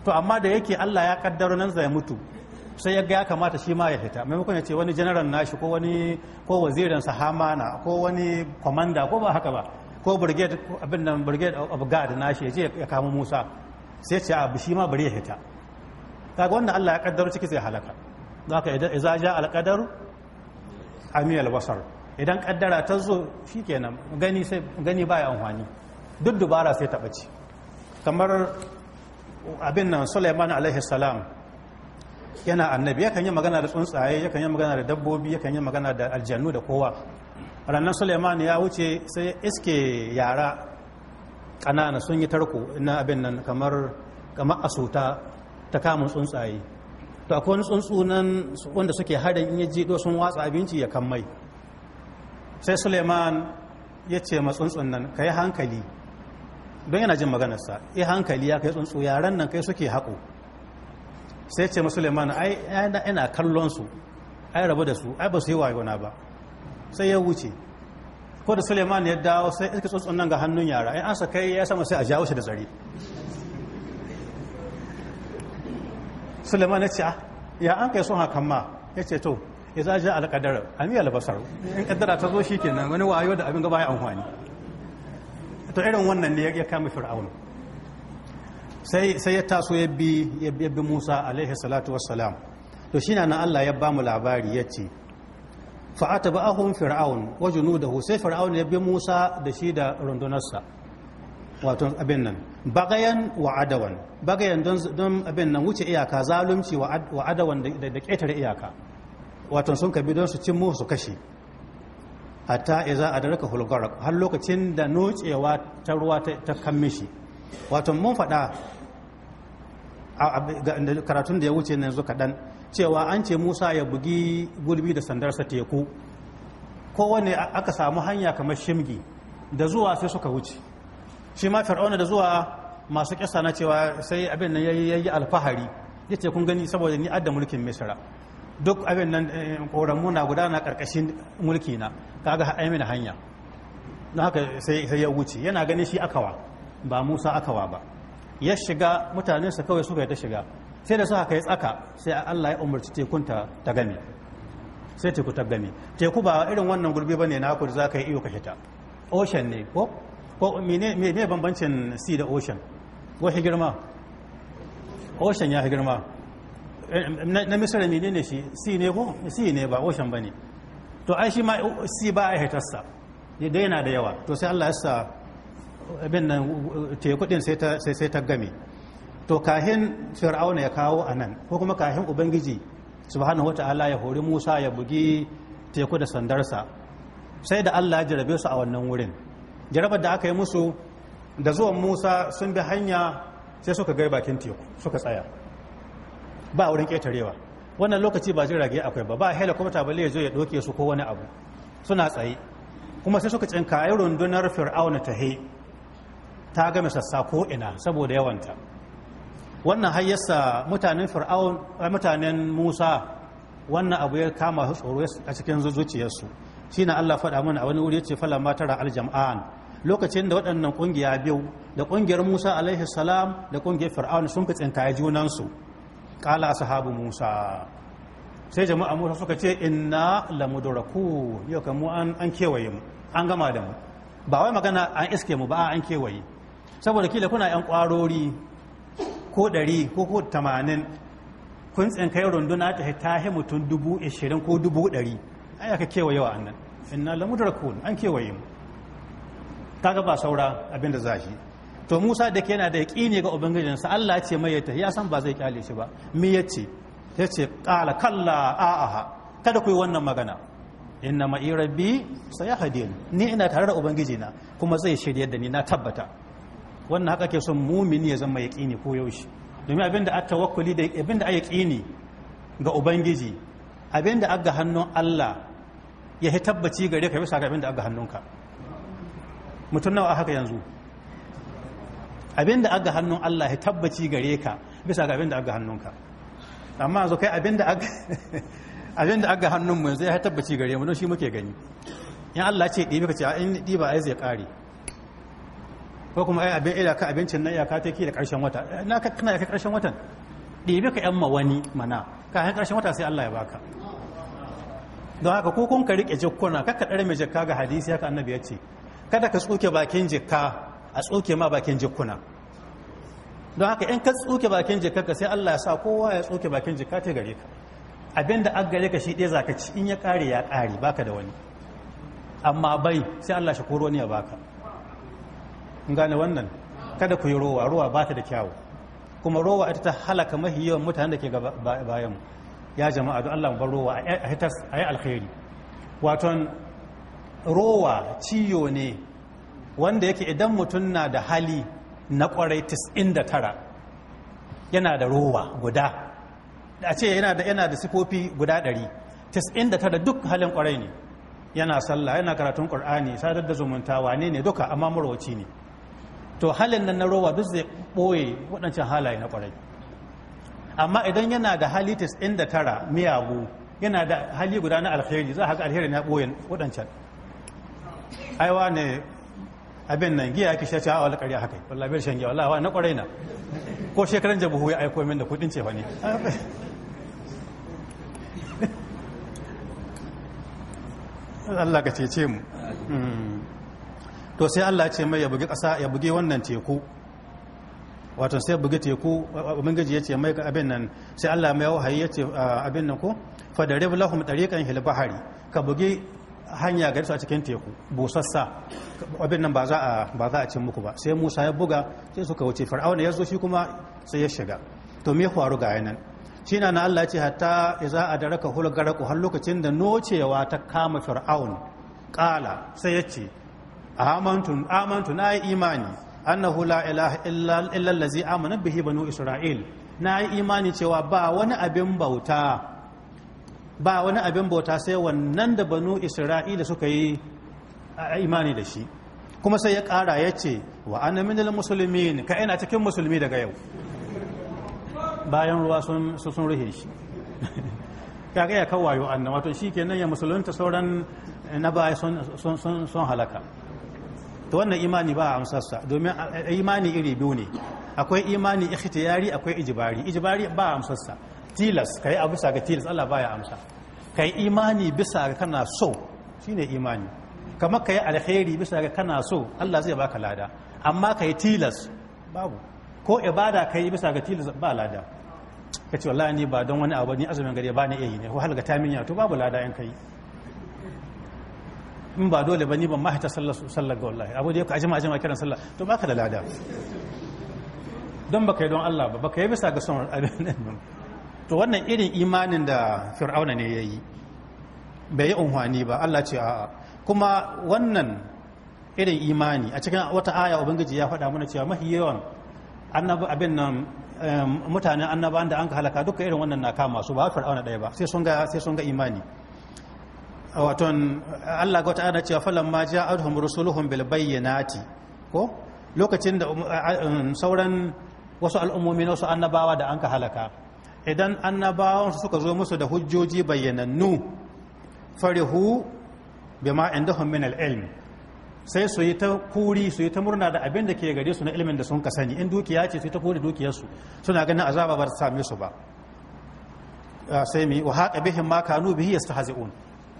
to amma da yake Allah ya kaddaro nan zai mutu sai ya ga ya kamata shi ma ya fita maimakon ya ce wani general nashi ko wani ko wazirin sahamana ko wani komanda ko ba haka ba ko brigade abin nan brigade of guard nashi ya ce ya kama Musa sai ce a shi ma bari ya fita kaga wanda Allah ya kaddaro ciki sai halaka zaka idan iza ja al qadar ami al basar idan kaddara ta zo shikenan gani sai gani baya amfani duk dubara sai ta bace kamar abin nan Suleiman alaihi salam yana annabi yakan yi magana da tsuntsaye yakan yi magana da dabbobi yakan yi magana da aljannu da kowa rannan Suleiman ya wuce sai iske yara kanana sun yi tarko na abin nan kamar kamar asuta ta kamun tsuntsaye to akwai wani tsuntsu nan wanda suke harin in yaji do sun watsa abinci ya mai sai Suleiman ya ce ma tsuntsun nan ka yi hankali don yana jin maganarsa ya hankali ya kai tsuntsu yaren nan kai suke haƙo sai ce musulman ai yana kallon su ai rabu da su ai ba su yi wayona ba sai ya wuce ko da suleiman ya dawo sai iska tsuntsun nan ga hannun yara ai an sakai ya sama sai a jawo shi da tsari suleiman ya ce ah, ya an kai sun hakan ma ya ce to ya za a ja alƙadar amiyar albasar in ƙaddara ta zo shi kenan wani wayo da abin gaba ya amfani to irin wannan ne ya kama fir'aun sai ya taso ya bi musa alaihi salatu wassalam to shi na allah ya ba mu labari ya ce fa'ata ba fir'aun wa junudahu sai fir'aun ya bi musa da shi da rundunarsa wato abin nan bagayan wa adawan bagayan don abin nan wuce iyaka zalunci wa adawan da ƙetare iyaka wato sun kabi don su cin musu su kashe a iza adraka hulgarak har lokacin da nocewa ta ruwa ta kamme shi wato mun faɗa karatun da ya wuce yanzu kaɗan cewa an ce musa ya bugi gurbi da sandarsa teku kowane aka samu hanya kamar shimgi da zuwa sai suka wuce shi ma fir'auna da zuwa masu kisa na cewa sai abin nan yayi alfahari ya ce kun gani saboda ni adda mulkin misra duk abin nan koramu eh, na gudana karkashin mulki na kaga ai mini hanya Na haka sai ya wuce yana ganin shi akawa ba Musa akawa ba ya shiga mutanen sa kawai suka yi ta shiga sai da suka ya tsaka sai Allah ya umarci tekun ta ta game sai teku ta game teku ba irin wannan gurbi bane na ku za ka yi iyo ka hita. ocean ne ko ko mene mene bambancin sea da ocean ko shi girma ocean ya girma na misira menene shi si ne ko si ne ba ocean ba ne to ai shi ma si ba a haitarsa da yana da yawa to sai allah ya sa abin nan teku din sai ta game to kahin fir'auna ya kawo a nan ko kuma kahin ubangiji subhanahu wata'ala ya hori musa ya bugi teku da sandarsa sai da allah ya jarabe su a wannan wurin jarabar da aka yi musu da zuwan musa sun bi hanya sai suka gai bakin teku suka tsaya ba wurin ƙetarewa wannan lokaci ba jirage akwai ba ba helicopter ba ya zo ya doke su ko wani abu suna tsaye kuma sai suka cinka yi rundunar fir'auna ta he ta game sassa ko ina saboda yawanta wannan hayyarsa mutanen fir'aun eh, mutanen Musa wannan abu ya kama su tsoro a cikin zuciyarsu shi na Allah faɗa mana a wani wuri ce fala matara aljam'an lokacin da waɗannan ƙungiya biyu da ƙungiyar Musa alaihi salam da ƙungiyar fir'auna sun ka tsinkaye junansu kala ashabu musa sai jama'a musa suka ce inna lamudraku yau kan mu an kewaye mu an gama da mu ba wai magana an iske mu ba an kewaye saboda kila kuna yan kwarori ko ɗari ko ko tamanin kun tsinkai runduna ta tahi mutum dubu ashirin ko dubu ɗari ai aka kewaye wa annan inna lamudraku an kewaye mu kaga ba saura abinda za shi to musa da ke yana da ne ga ubangijinsa allah ce mai yata ya san ba zai kyale shi ba me ya ce ya ce ƙala kalla a'aha kada ku yi wannan magana inna ma'i rabbi sayahdin ni ina tare da ubangijina kuma zai shirye da ni na tabbata wannan haka ke son mumini ya zama ya ne ko yaushe domin abinda a tawakkuli da abinda a ne ga ubangiji abinda aga hannun allah ya tabbaci gare ka bisa ga abinda aga hannunka mutum nawa haka yanzu Abin da aga hannun Allah ya tabbaci gare ka bisa ga abin da aga hannunka amma zo kai abin aga aga hannun mu yanzu ya tabbaci gare mu don shi muke gani in Allah ce ɗibi ka ce ah, in ɗiba ai zai ƙare ko kuma ai abin ka abincin na iyaka take da ƙarshen wata na ka kana ka ƙarshen watan ɗibi ka yan ma wani mana ka yan ƙarshen wata sai Allah ya baka don haka ko kun ka riƙe jikkuna kakka ɗare mai jikka ga hadisi haka annabi ya ce kada ka tsuke bakin jikka a tsoke ma bakin jikuna don haka in ka tsoke bakin jikarka sai Allah ya sa kowa ya tsoke bakin jika ta gare ka abinda gare ka shi ɗaya za ci in ya ƙare ya ƙare baka da wani amma bai sai Allah shi koro ne ya baka gane wannan kada ku yi rowa rowa ba ta da kyawu kuma rowa ita ta halaka mahi yawan mutanen da ke bayan ya jama'a don Allah bar rowa a yi alkhairi waton rowa ciyo ne wanda yake idan mutum na da hali na kwarai 99 yana da rowa guda a ce yana da yana da sifofi guda inda 99 duk halin kwarai ne yana sallah yana karatun qur'ani sadar da zumunta wane ne duka amma marwaci ne to halin nan na rowa duk zai boye waɗancan halaye na kwarai amma idan yana da hali 99 miyagu yana da hali guda na alheri za a haka alheri na boye waɗancan aiwa ne abin nan giya ake shaci a wala ƙarya haka wallahi bai shan giya wallahi wa na ƙwarai na ko shekaran jabuhu ya aiko min da kuɗin cefa ne Allah ka ce mu hmm. to sai Allah ce mai ya bugi ƙasa ya bugi wannan teku wato sai bugi teku ubangiji ya ce mai abin nan sai Allah mai wahayi ya ce abin nan ko fadarib lahum tariqan hil bahari ka bugi hanya gari su a cikin teku busassa abin nan ba za a cin muku ba sai musa ya buga sai suka wuce fir'auna ya zo shi kuma sai ya shiga to me faru ga yanan shi na Allah ce hatta za a daraka hulgaraku har lokacin da nocewa ta kama fir'aun kala sai ya ce amantu na yi imani annahu la ilaha illa allazi amana bihi banu isra'il na yi imani cewa ba wani abin bauta ba wani abin bauta sai wannan da banu isra'ila suka yi a imani da shi kuma sai ya ƙara ya ce wa ana minal musulmin ka ina cikin musulmi daga yau bayan ruwa sun ruhe shi kaga ya kawayo annan wato shi nan ya musulunta sauran eh, na baya sun halaka to wannan imani ba a amsarsa domin eh, imani iri biyu ne akwai imani ikhtiyari akwai ijibari ijibari ba a amsarsa tilas ka yi abu bisa ga tilas Allah baya amsa ka yi imani bisa ga kana so shine imani kama ka yi alheri bisa ga kana so Allah zai baka lada amma ka yi tilas babu ko ibada ka yi bisa ga tilas ba lada ka ce wallahi ni ba don wani abu ni azumin gari ba ni iya yi ne ko ga ta minya to babu lada in ka yi in ba dole ba ni ban mahita sallar sallar ga wallahi abu da yau ka ajima ajima kiran sallar to baka da lada don baka yi don Allah ba baka yi bisa ga son abin to wannan irin imanin da fir'auna ne ya yi bai yi unhwani ba allah ce a kuma wannan irin imani a cikin wata aya ubangiji ya faɗa mana cewa mafi yawan abin nan mutanen annabawan da an ka halaka duka irin wannan na kama su ba fir'auna ɗaya ba sai sun ga sai sun ga imani waton Allah ga ana cewa falon ma ja'atuhum rusuluhum bil bayyinati ko lokacin da sauran wasu al'ummomi na wasu annabawa da an ka halaka idan annabawan suka zo musu da hujjoji bayyanannu farihu bima indahum min al-ilm sai su yi ta kuri su yi ta murna da abin da ke gare su na ilimin da sun ka sani in dukiya ce su yi ta kuri dukiyarsu suna ganin azaba ba ta same su ba ah, sai mu wa haƙa bihin ma kanu bihi yastahzi'un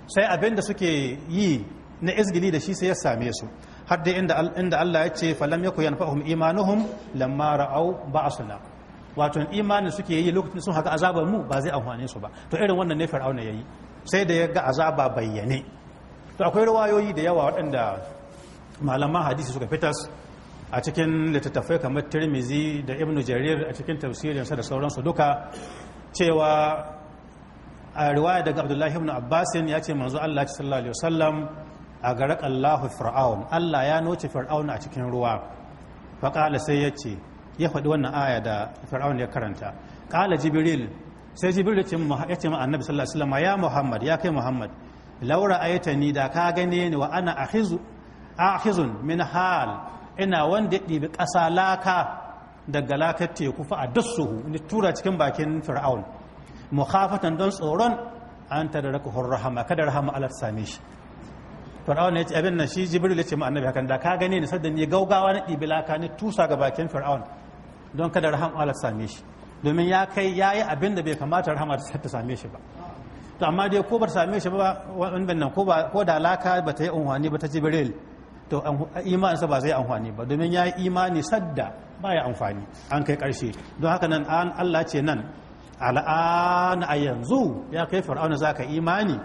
sai abin da suke yi na izgili da shi sai ya same su har dai inda Allah ya ce falam yakun yanfa'uhum imanuhum lamma ra'aw ba'sana wato imanin suke yi lokacin sun haka azabar mu ba zai amfane su ba to irin wannan ne ya yi sai da ya ga azaba bayyane to akwai rawayoyi da yawa waɗanda malaman hadisi suka fitas a cikin littattafai kamar tirmizi da ibnu jarir a cikin tafsirinsa da sauransu duka cewa a riwaya daga abdullahi ibn abbasin ya ce manzo allah sallallahu alaihi wasallam a garak allahu fir'aun allah ya noce fir'aun a cikin ruwa faƙala sai ya ce ya faɗi wannan aya da fir'aun ya karanta ƙala jibril sai jibril ya ce ma annabi sallallahu alaihi wasallam ya muhammad ya kai muhammad laura ayata ni da ka gane ni wa ana ahizu ahizun min hal ina wanda ya ɗibi ƙasa laka daga lakar teku fa a dassuhu ni tura cikin bakin fir'aun mukhafatan don tsoron an ta da rakuhun rahama kada rahama Allah ta same shi fir'aun ya ce abin nan shi jibril ya ce ma annabi hakan da ka gane ni sadda ni gaugawa na ɗibi laka ni tusa ga bakin fir'aun don kada rahama Allah same shi domin ya kai ya yi abin da bai kamata rahama ta same shi ba to amma dai ko ba same shi ba wannan nan ko ba ko da alaka ba ta yi unhwani ba ta jibril to imaninsa ba zai amfani ba domin ya yi imani sadda ba ya amfani an kai karshe don haka nan an Allah ce nan al'ana a yanzu ya kai fir'auna za ka imani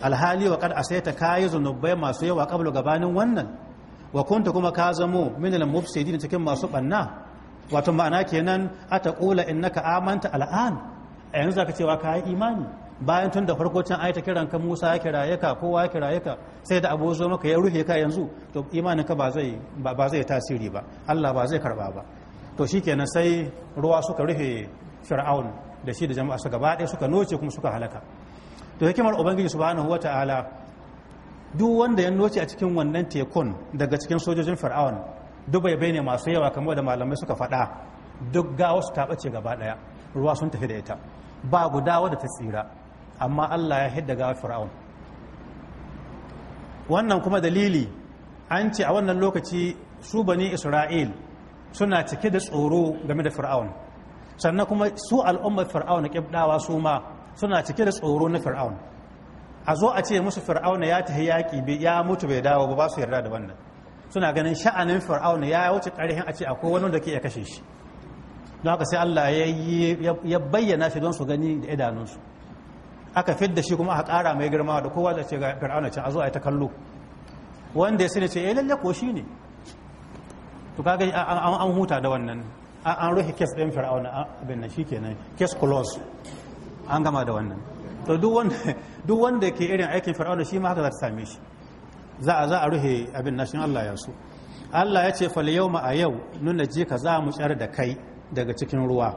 alhali wa kad asaita kayi zunubai masu yawa kablu gabanin wannan wa kunta kuma ka zamo minal mufsidin cikin masu banna wato ma'ana kenan ata na naka amanta al'an A yanzu zaka cewa ka yi imani bayan tun da farko can ayata kiran ka Musa ya kiraye ka kowa ya kiraye ka sai da abu zo maka ya ruhe ka yanzu to imanin ka ba zai ba tasiri ba Allah ba zai karba ba to shi kenan sai ruwa suka rufe Fir'aun da shi da jama'a su gaba ɗaya suka noce kuma suka halaka to hikimar ubangiji subhanahu wata'ala duk wanda ya noce a cikin wannan tekun daga cikin sojojin Fir'aun dubai bai ne masu yawa kamar da malamai suka faɗa duk gawa su taɓa ce gaba ɗaya ruwa sun tafi da ita ba guda wadda ta tsira amma allah ya hidda gawa fir'aun wannan kuma dalili an ce a wannan lokaci su bani isra'il suna cike da tsoro game da fir'aun sannan kuma su al'ummar fir'aun kibdawa su ma suna cike da tsoro na fir'aun a zo a ce musu fir'auna ya tafi yaƙi ya mutu bai dawo ba su yarda da wannan suna ganin sha'anin fir'auna ya wuce ƙarihin a ce akwai wani da ke iya kashe shi don haka sai Allah ya bayyana shi don su gani da idanunsu aka fidda shi kuma aka ƙara mai girma da kowa da ce ga fir'auna can a zo a yi ta kallo wanda ya sani ce eh lalle ko shi ne to kaga an huta da wannan an rufe kes ɗin fir'auna abin nan shikenan kes kulos an gama da wannan to duk wanda ke irin aikin fir'auna shi ma haka za ta same shi za a za a ruhe abin nashin Allah ya so Allah ya ce fal yawma a yau nuna je ka za mu tsar da kai daga cikin ruwa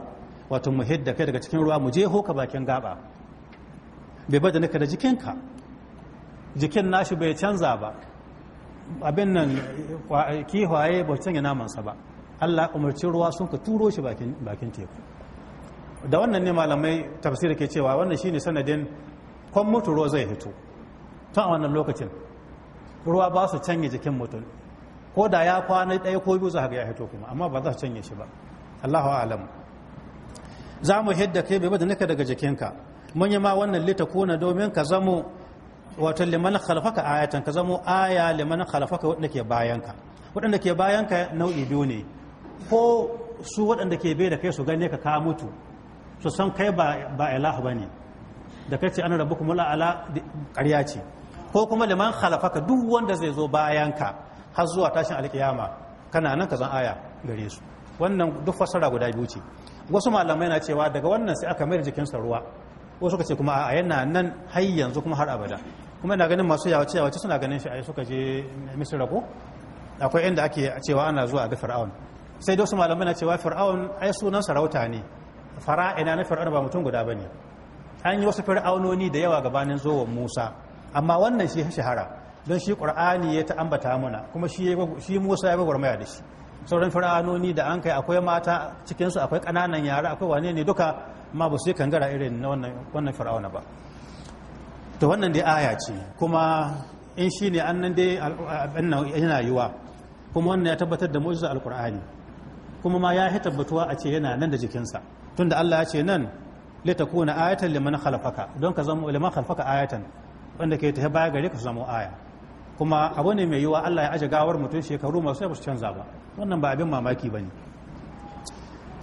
wato mu hidda kai daga cikin ruwa mu je hoka bakin gaba bai bada naka da jikinka jikin nashi bai canza ba abin nan kiwaye ba naman namansa ba Allah umarci ruwa sun ka turo shi bakin teku da wannan ne malamai tafsir ke cewa wannan shine sanadin kwan mutu ruwa zai hito tun a wannan lokacin ruwa ba su canye jikin mutum ko da ya kwana ɗaya ko biyu za ya hito kuma amma ba za su canye shi ba Allahu alam za mu hidda kai bai da nika daga jikinka mun yi ma wannan lita kuna domin ka zamo wato liman khalfaka ayatan ka zamo aya liman khalfaka wadanda ke bayanka wadanda ke bayanka nau'i biyu ne ko su wadanda ke bai da kai su gane ka ka mutu su san kai ba ilahu ba ne da kai ce ana rabu kuma la'ala ƙarya ce ko kuma liman khalafaka duk wanda zai zo bayanka har zuwa tashin alkiyama kana nan ka zan aya gare su wannan duk fasara guda biyu ce wasu malamai na cewa daga wannan sai aka mayar sa ruwa wasu ka ce kuma a yana nan har yanzu kuma har abada kuma ina ganin masu yawa cewa suna ganin shi a suka je misira ko akwai inda ake cewa ana zuwa ga fir'aun sai dai wasu malamai na cewa fir'aun ai sunan sarauta ne fara'ina na fir'aun ba mutum guda bane an yi wasu fir'aunoni da yawa gabanin zuwan musa amma wannan shi shahara don shi ƙur'ani ya ta ambata muna kuma shi shi Musa ya maya da shi sauran fir'anoni da an kai akwai mata cikinsu akwai ƙananan yara akwai wane ne duka ma ba su yi kangara irin na wannan fir'auna ba to wannan dai aya ce kuma in shi ne an nan dai yana yiwa kuma wannan ya tabbatar da mu'jizar Alƙur'ani kuma ma ya yi tabbatuwa a ce yana nan da jikinsa tunda Allah ya ce nan litakuna ayatan liman khalafaka don ka zama liman khalafaka ayatan wanda ke ta baya gare ka su zama aya kuma abu ne mai yiwa Allah ya aje gawar mutum shekaru masu yabu su canza ba wannan ba abin mamaki ba ne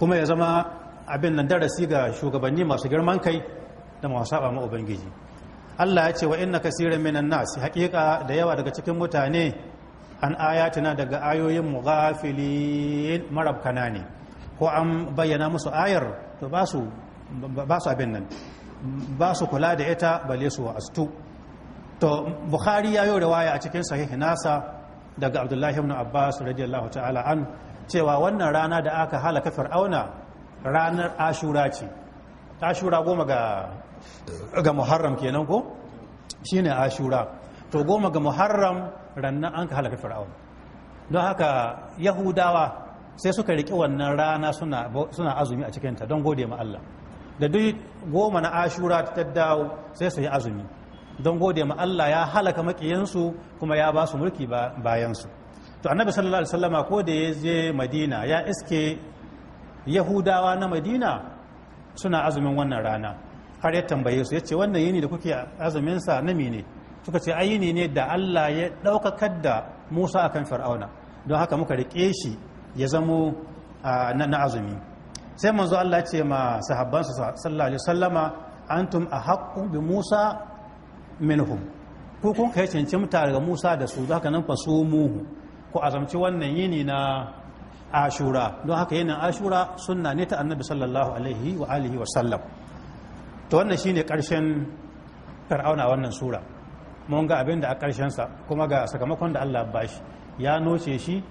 kuma ya zama abin nan darasi ga shugabanni masu girman kai da masu saba ma ubangiji Allah ya ce wa inna kasiran minan nas haƙiƙa da yawa daga cikin mutane an ayatina daga ayoyin mughafilin marabkana ne ko an bayyana musu ayar ba su abin nan ba su kula da ita bale su wa astu to buhari ya yi riwaya a cikin sahih nasa daga abdullahi ibn abbas radiyallahu ta'ala an cewa wannan rana da aka halaka fir'auna ranar ashura ce ashura goma ga ga muharram kenan ko shine ashura to goma ga muharram rannan an ka halaka fir'auna don haka yahudawa sai suka riƙe wannan rana suna azumi a cikinta don gode ma Allah da duk goma na ashura ta dawo sai su yi azumi don gode ma Allah ya halaka makiyansu kuma ya ba su mulki bayansu to annabi sallallahu alaihi wasallama ko da ya je madina ya iske yahudawa na madina suna azumin wannan rana har ya tambaye su ya ce wannan yini da kuke azuminsa na mene suka ce yini ne da Allah ya ɗaukakar da musa akan fir'auna don haka muka riƙe shi ya zamo na azumi sai manzo Allah ce ma sahabbansa sallallahu alaihi wasallama antum ahaqqu bi musa minhum ko kun kai cancanta daga Musa da su haka nan muhu ko azamci wannan yini na Ashura don haka yinin Ashura sunna ne ta Annabi sallallahu alaihi wa alihi wa sallam to wannan shine karshen Fir'auna wannan sura mun ga abin da a karshen sa kuma ga sakamakon da Allah bashi ya noce shi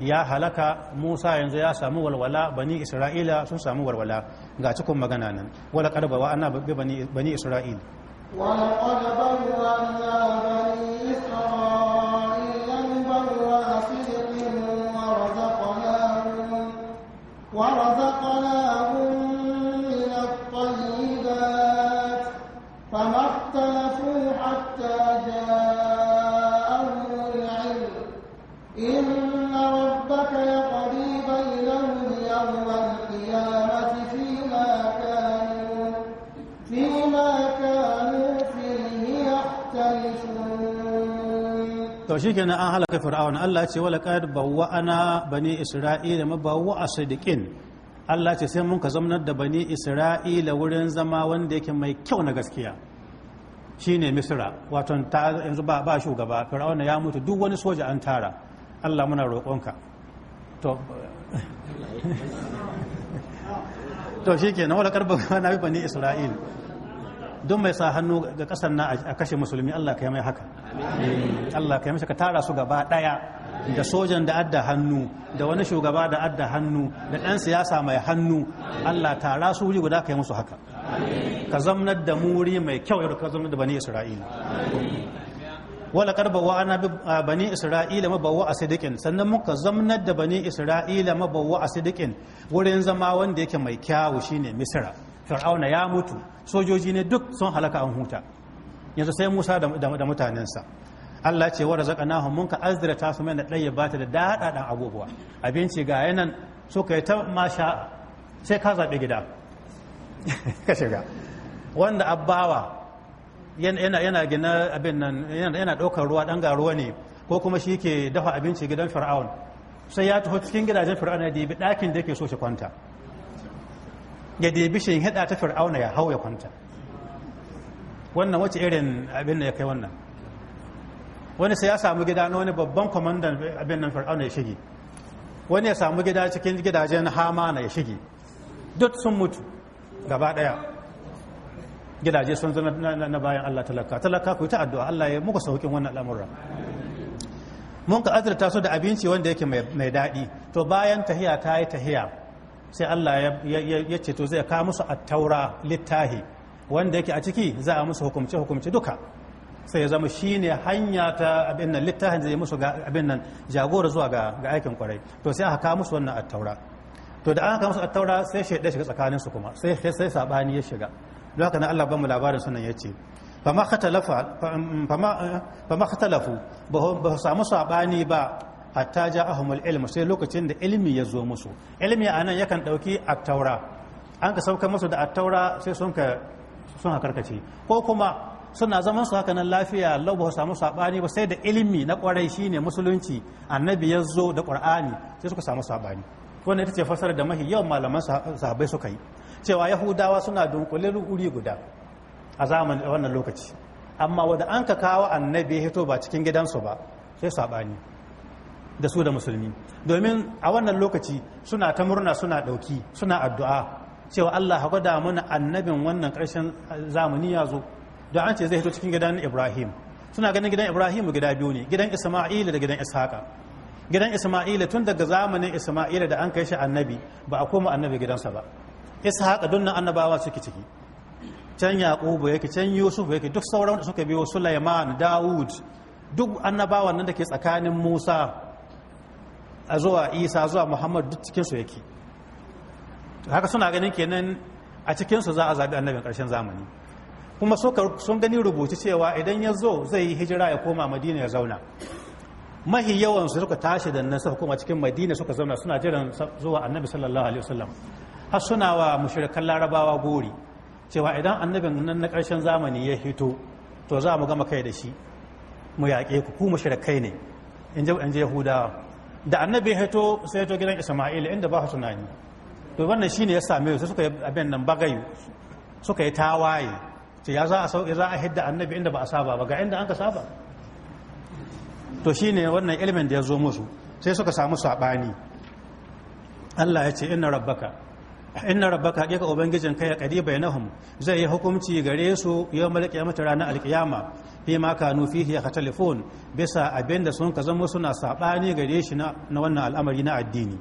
ya halaka Musa yanzu ya samu walwala bani Isra'ila sun samu walwala ga cikin magana nan wala qarba wa anna bani Isra'ila ولقد بوأنا بني إسرائيل مبوأ صدق ورزقناهم ورزقناهم to shi kenan an halaka fir'auna Allah ce wala qad ba bani isra'ila a asadiqin Allah ce sai mun ka zamanar da bani isra'ila wurin zama wanda yake mai kyau na gaskiya shine misra wato yanzu ba ba shugaba fir'auna ya mutu duk wani soja an tara Allah muna roƙonka to to shikenan wala qad ba bani isra'ila don mai sa hannu ga kasar na a kashe musulmi Allah ka yi mai haka Allah ka yi ka tara su gaba daya da sojan da adda hannu da wani shugaba da adda hannu da ɗan siyasa mai hannu Allah tara su wuri guda ka yi musu haka ka zamnar da muri mai kyau yadda ka zamnar da bani isra'ila wala karba wa ana bani isra'ila mabawa a sidikin sannan muka zamnar da bani isra'ila mabawa a sidikin wurin zama wanda yake mai kyawu shine misra fir'auna ya mutu sojoji ne duk sun halaka an huta yanzu sai musa da mutanensa allah ce wadda zaka nahun mun ka ta su mana ɗaya ba ta da daɗaɗan abubuwa abinci ga yanan suka yi ta masha sai ka zaɓi gida ka shiga wanda abbawa yana gina abin nan yana ɗaukar ruwa ɗan ga ruwa ne ko kuma shi ke dafa abinci gidan fir'aun sai ya taho cikin gidajen fir'aun ya dibi ɗakin da yake so shi kwanta ya debi shi hada ta fir'auna ya hau ya kwanta wannan wace irin abin da ya kai wannan wani sai ya samu gida na wani babban kwamandan abin nan fir'auna ya shige wani ya samu gida cikin gidajen hamana ya shige duk sun mutu gaba daya gidaje sun zo na bayan Allah talaka talaka ku yi ta addu'a Allah ya muka saukin wannan al'amura mun ka azurta su da abinci wanda yake mai daɗi to bayan tahiya ta yi tahiya sai Allah ya ceto zai kawo musu taura littahi wanda yake a ciki za a musu hukumce hukumce duka sai ya zama shine hanya ta abin nan littahin zai musu abin nan jagora zuwa ga aikin kwarai to sai aka kawo musu wannan a taura. to da aka kawo musu a taura sai shaidai shiga tsakanin su kuma sai sai sabani ya shiga don haka nan Allah ba mu labarin sunan ya ce fa mm, ma eh, khatalafu ba samu sabani ba hatta ja'ahumul ilmi sai lokacin da ilmi ya zo musu ilmi nan yakan ɗauki attaura taura an ka sauka musu da attaura taura sai sun ka sun ko kuma suna zaman su haka nan lafiya lau ba samu sabani ba sai da ilmi na kwarai shine musulunci annabi ya zo da qur'ani sai suka samu sabani Ko ita ce fasar da mahi yawan malaman sahabbai suka yi cewa yahudawa suna dunkulin uri guda a zamanin wannan lokaci amma wanda an ka kawo annabi ya hito ba cikin gidansu ba sai sabani da su da musulmi domin a wannan lokaci suna ta murna suna dauki suna addu'a cewa Allah haka da mana annabin wannan karshen zamani ya zo da an ce zai hito cikin gidan Ibrahim suna ganin gidan Ibrahim gida biyu ne gidan Isma'ila da gidan Ishaqa gidan Isma'ila tun daga zamanin Isma'ila da an kai shi annabi ba a koma annabi gidansa ba Ishaqa dunnan annabawa suke ciki can Yaqubu yake can Yusuf yake duk sauran da suka biyo Sulaiman Dawud duk annabawan nan da ke tsakanin Musa a zuwa isa zuwa muhammad duk cikinsu yake haka suna ganin kenan a cikinsu za a zaɓi annabin ƙarshen zamani kuma sun gani rubuci cewa idan ya zo zai yi hijira ya koma madina ya zauna mahi yawansu suka tashi da nan kuma cikin madina suka zauna suna jiran zuwa annabi sallallahu alaihi wasallam har suna wa mushrikan larabawa gori cewa idan annabin nan na ƙarshen zamani ya hito to za mu gama kai da shi mu yaƙe ku ku mushrikai ne in je yahudawa da annabi hito sai to gidan isma'il inda ba tunani to wannan shine ya same su suka yi abin nan bagayu suka yi tawaye ce ya za a sauke za a hidda annabi inda ba a saba ba ga inda an ka saba to shine wannan ilimin da ya zo musu sai suka samu sabani Allah ya ce inna rabbaka inna rabbaka haqiqa ubangijin kai a qadi bainahum zai yi hukunci gare su yawmal mata ranar alqiyama fi ma kanu fihi yakhtalifun bisa abinda sun ka zama suna sabani gare shi na wannan al'amari na addini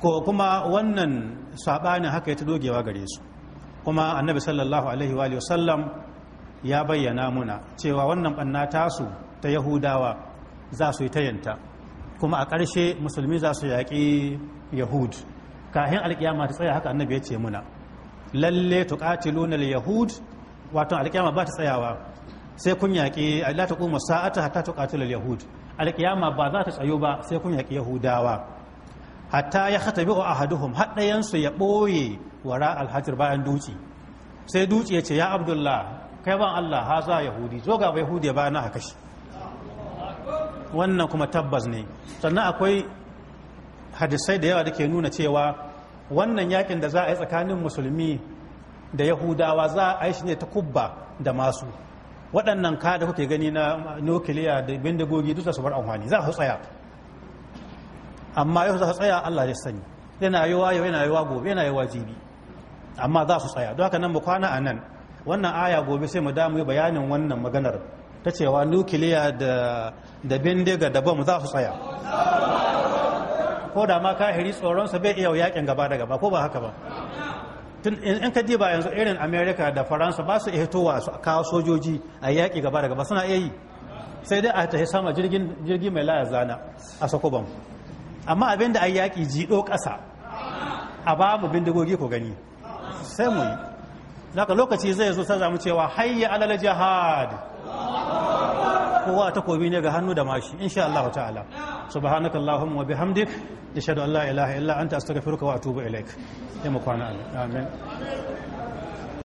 ko kuma wannan sabanin haka ya ta dogewa gare su kuma annabi sallallahu alaihi wa sallam ya bayyana muna cewa wannan banna tasu ta yahudawa za su yi tayanta kuma a ƙarshe musulmi za su yaƙi yahud kahin alkiyama ta tsaya haka annabi ya ce muna lalle tuqatiluna alyahud wato alkiyama ba ta tsayawa sai kun yaƙi la taqumu sa'ata hatta tuqatilu alyahud alkiyama ba za ta tsayo ba sai kun yaƙi yahudawa hatta ya khatabi ahaduhum haddayan su ya boye wara alhajar bayan duci sai duci ya ce ya abdullah kai ban Allah haza yahudi zo ga yahudi ba na haka shi wannan kuma tabbas ne sannan akwai hadisai da yawa da ke nuna cewa wannan yakin da za a yi tsakanin musulmi da yahudawa za a yi shi ne ta kubba da masu waɗannan ka da kuke gani na nukiliya da bindigogi duk da su bar amfani za su tsaya amma yau za su tsaya allah ya sani yana yiwa yau yana yiwa gobe yana yiwa jibi amma za su tsaya don haka nan mu kwana a nan wannan aya gobe sai mu damu bayanin wannan maganar ta cewa nukiliya da bindiga da bom za su tsaya ko da ma kahiri tsoronsa bai iya yakin gaba da gaba ko ba haka ba tun in ka diba yanzu irin america da faransa ba su iya hitowa su kawo sojoji a yaƙi gaba da gaba suna iya yi sai dai a tahi sama jirgi mai laya zana a sakoban amma abin da a yaƙi jiɗo ƙasa a ba mu bindigogi ko gani sai mu yi lokaci zai zo sai zamu cewa hayya alal jihad kowa takobi ne ga hannu da mashi insha Allah ta'ala subhanaka allahumma wa bihamdik ashhadu an la ilaha illa anta astaghfiruka wa atubu ilaik sai mu kwana amin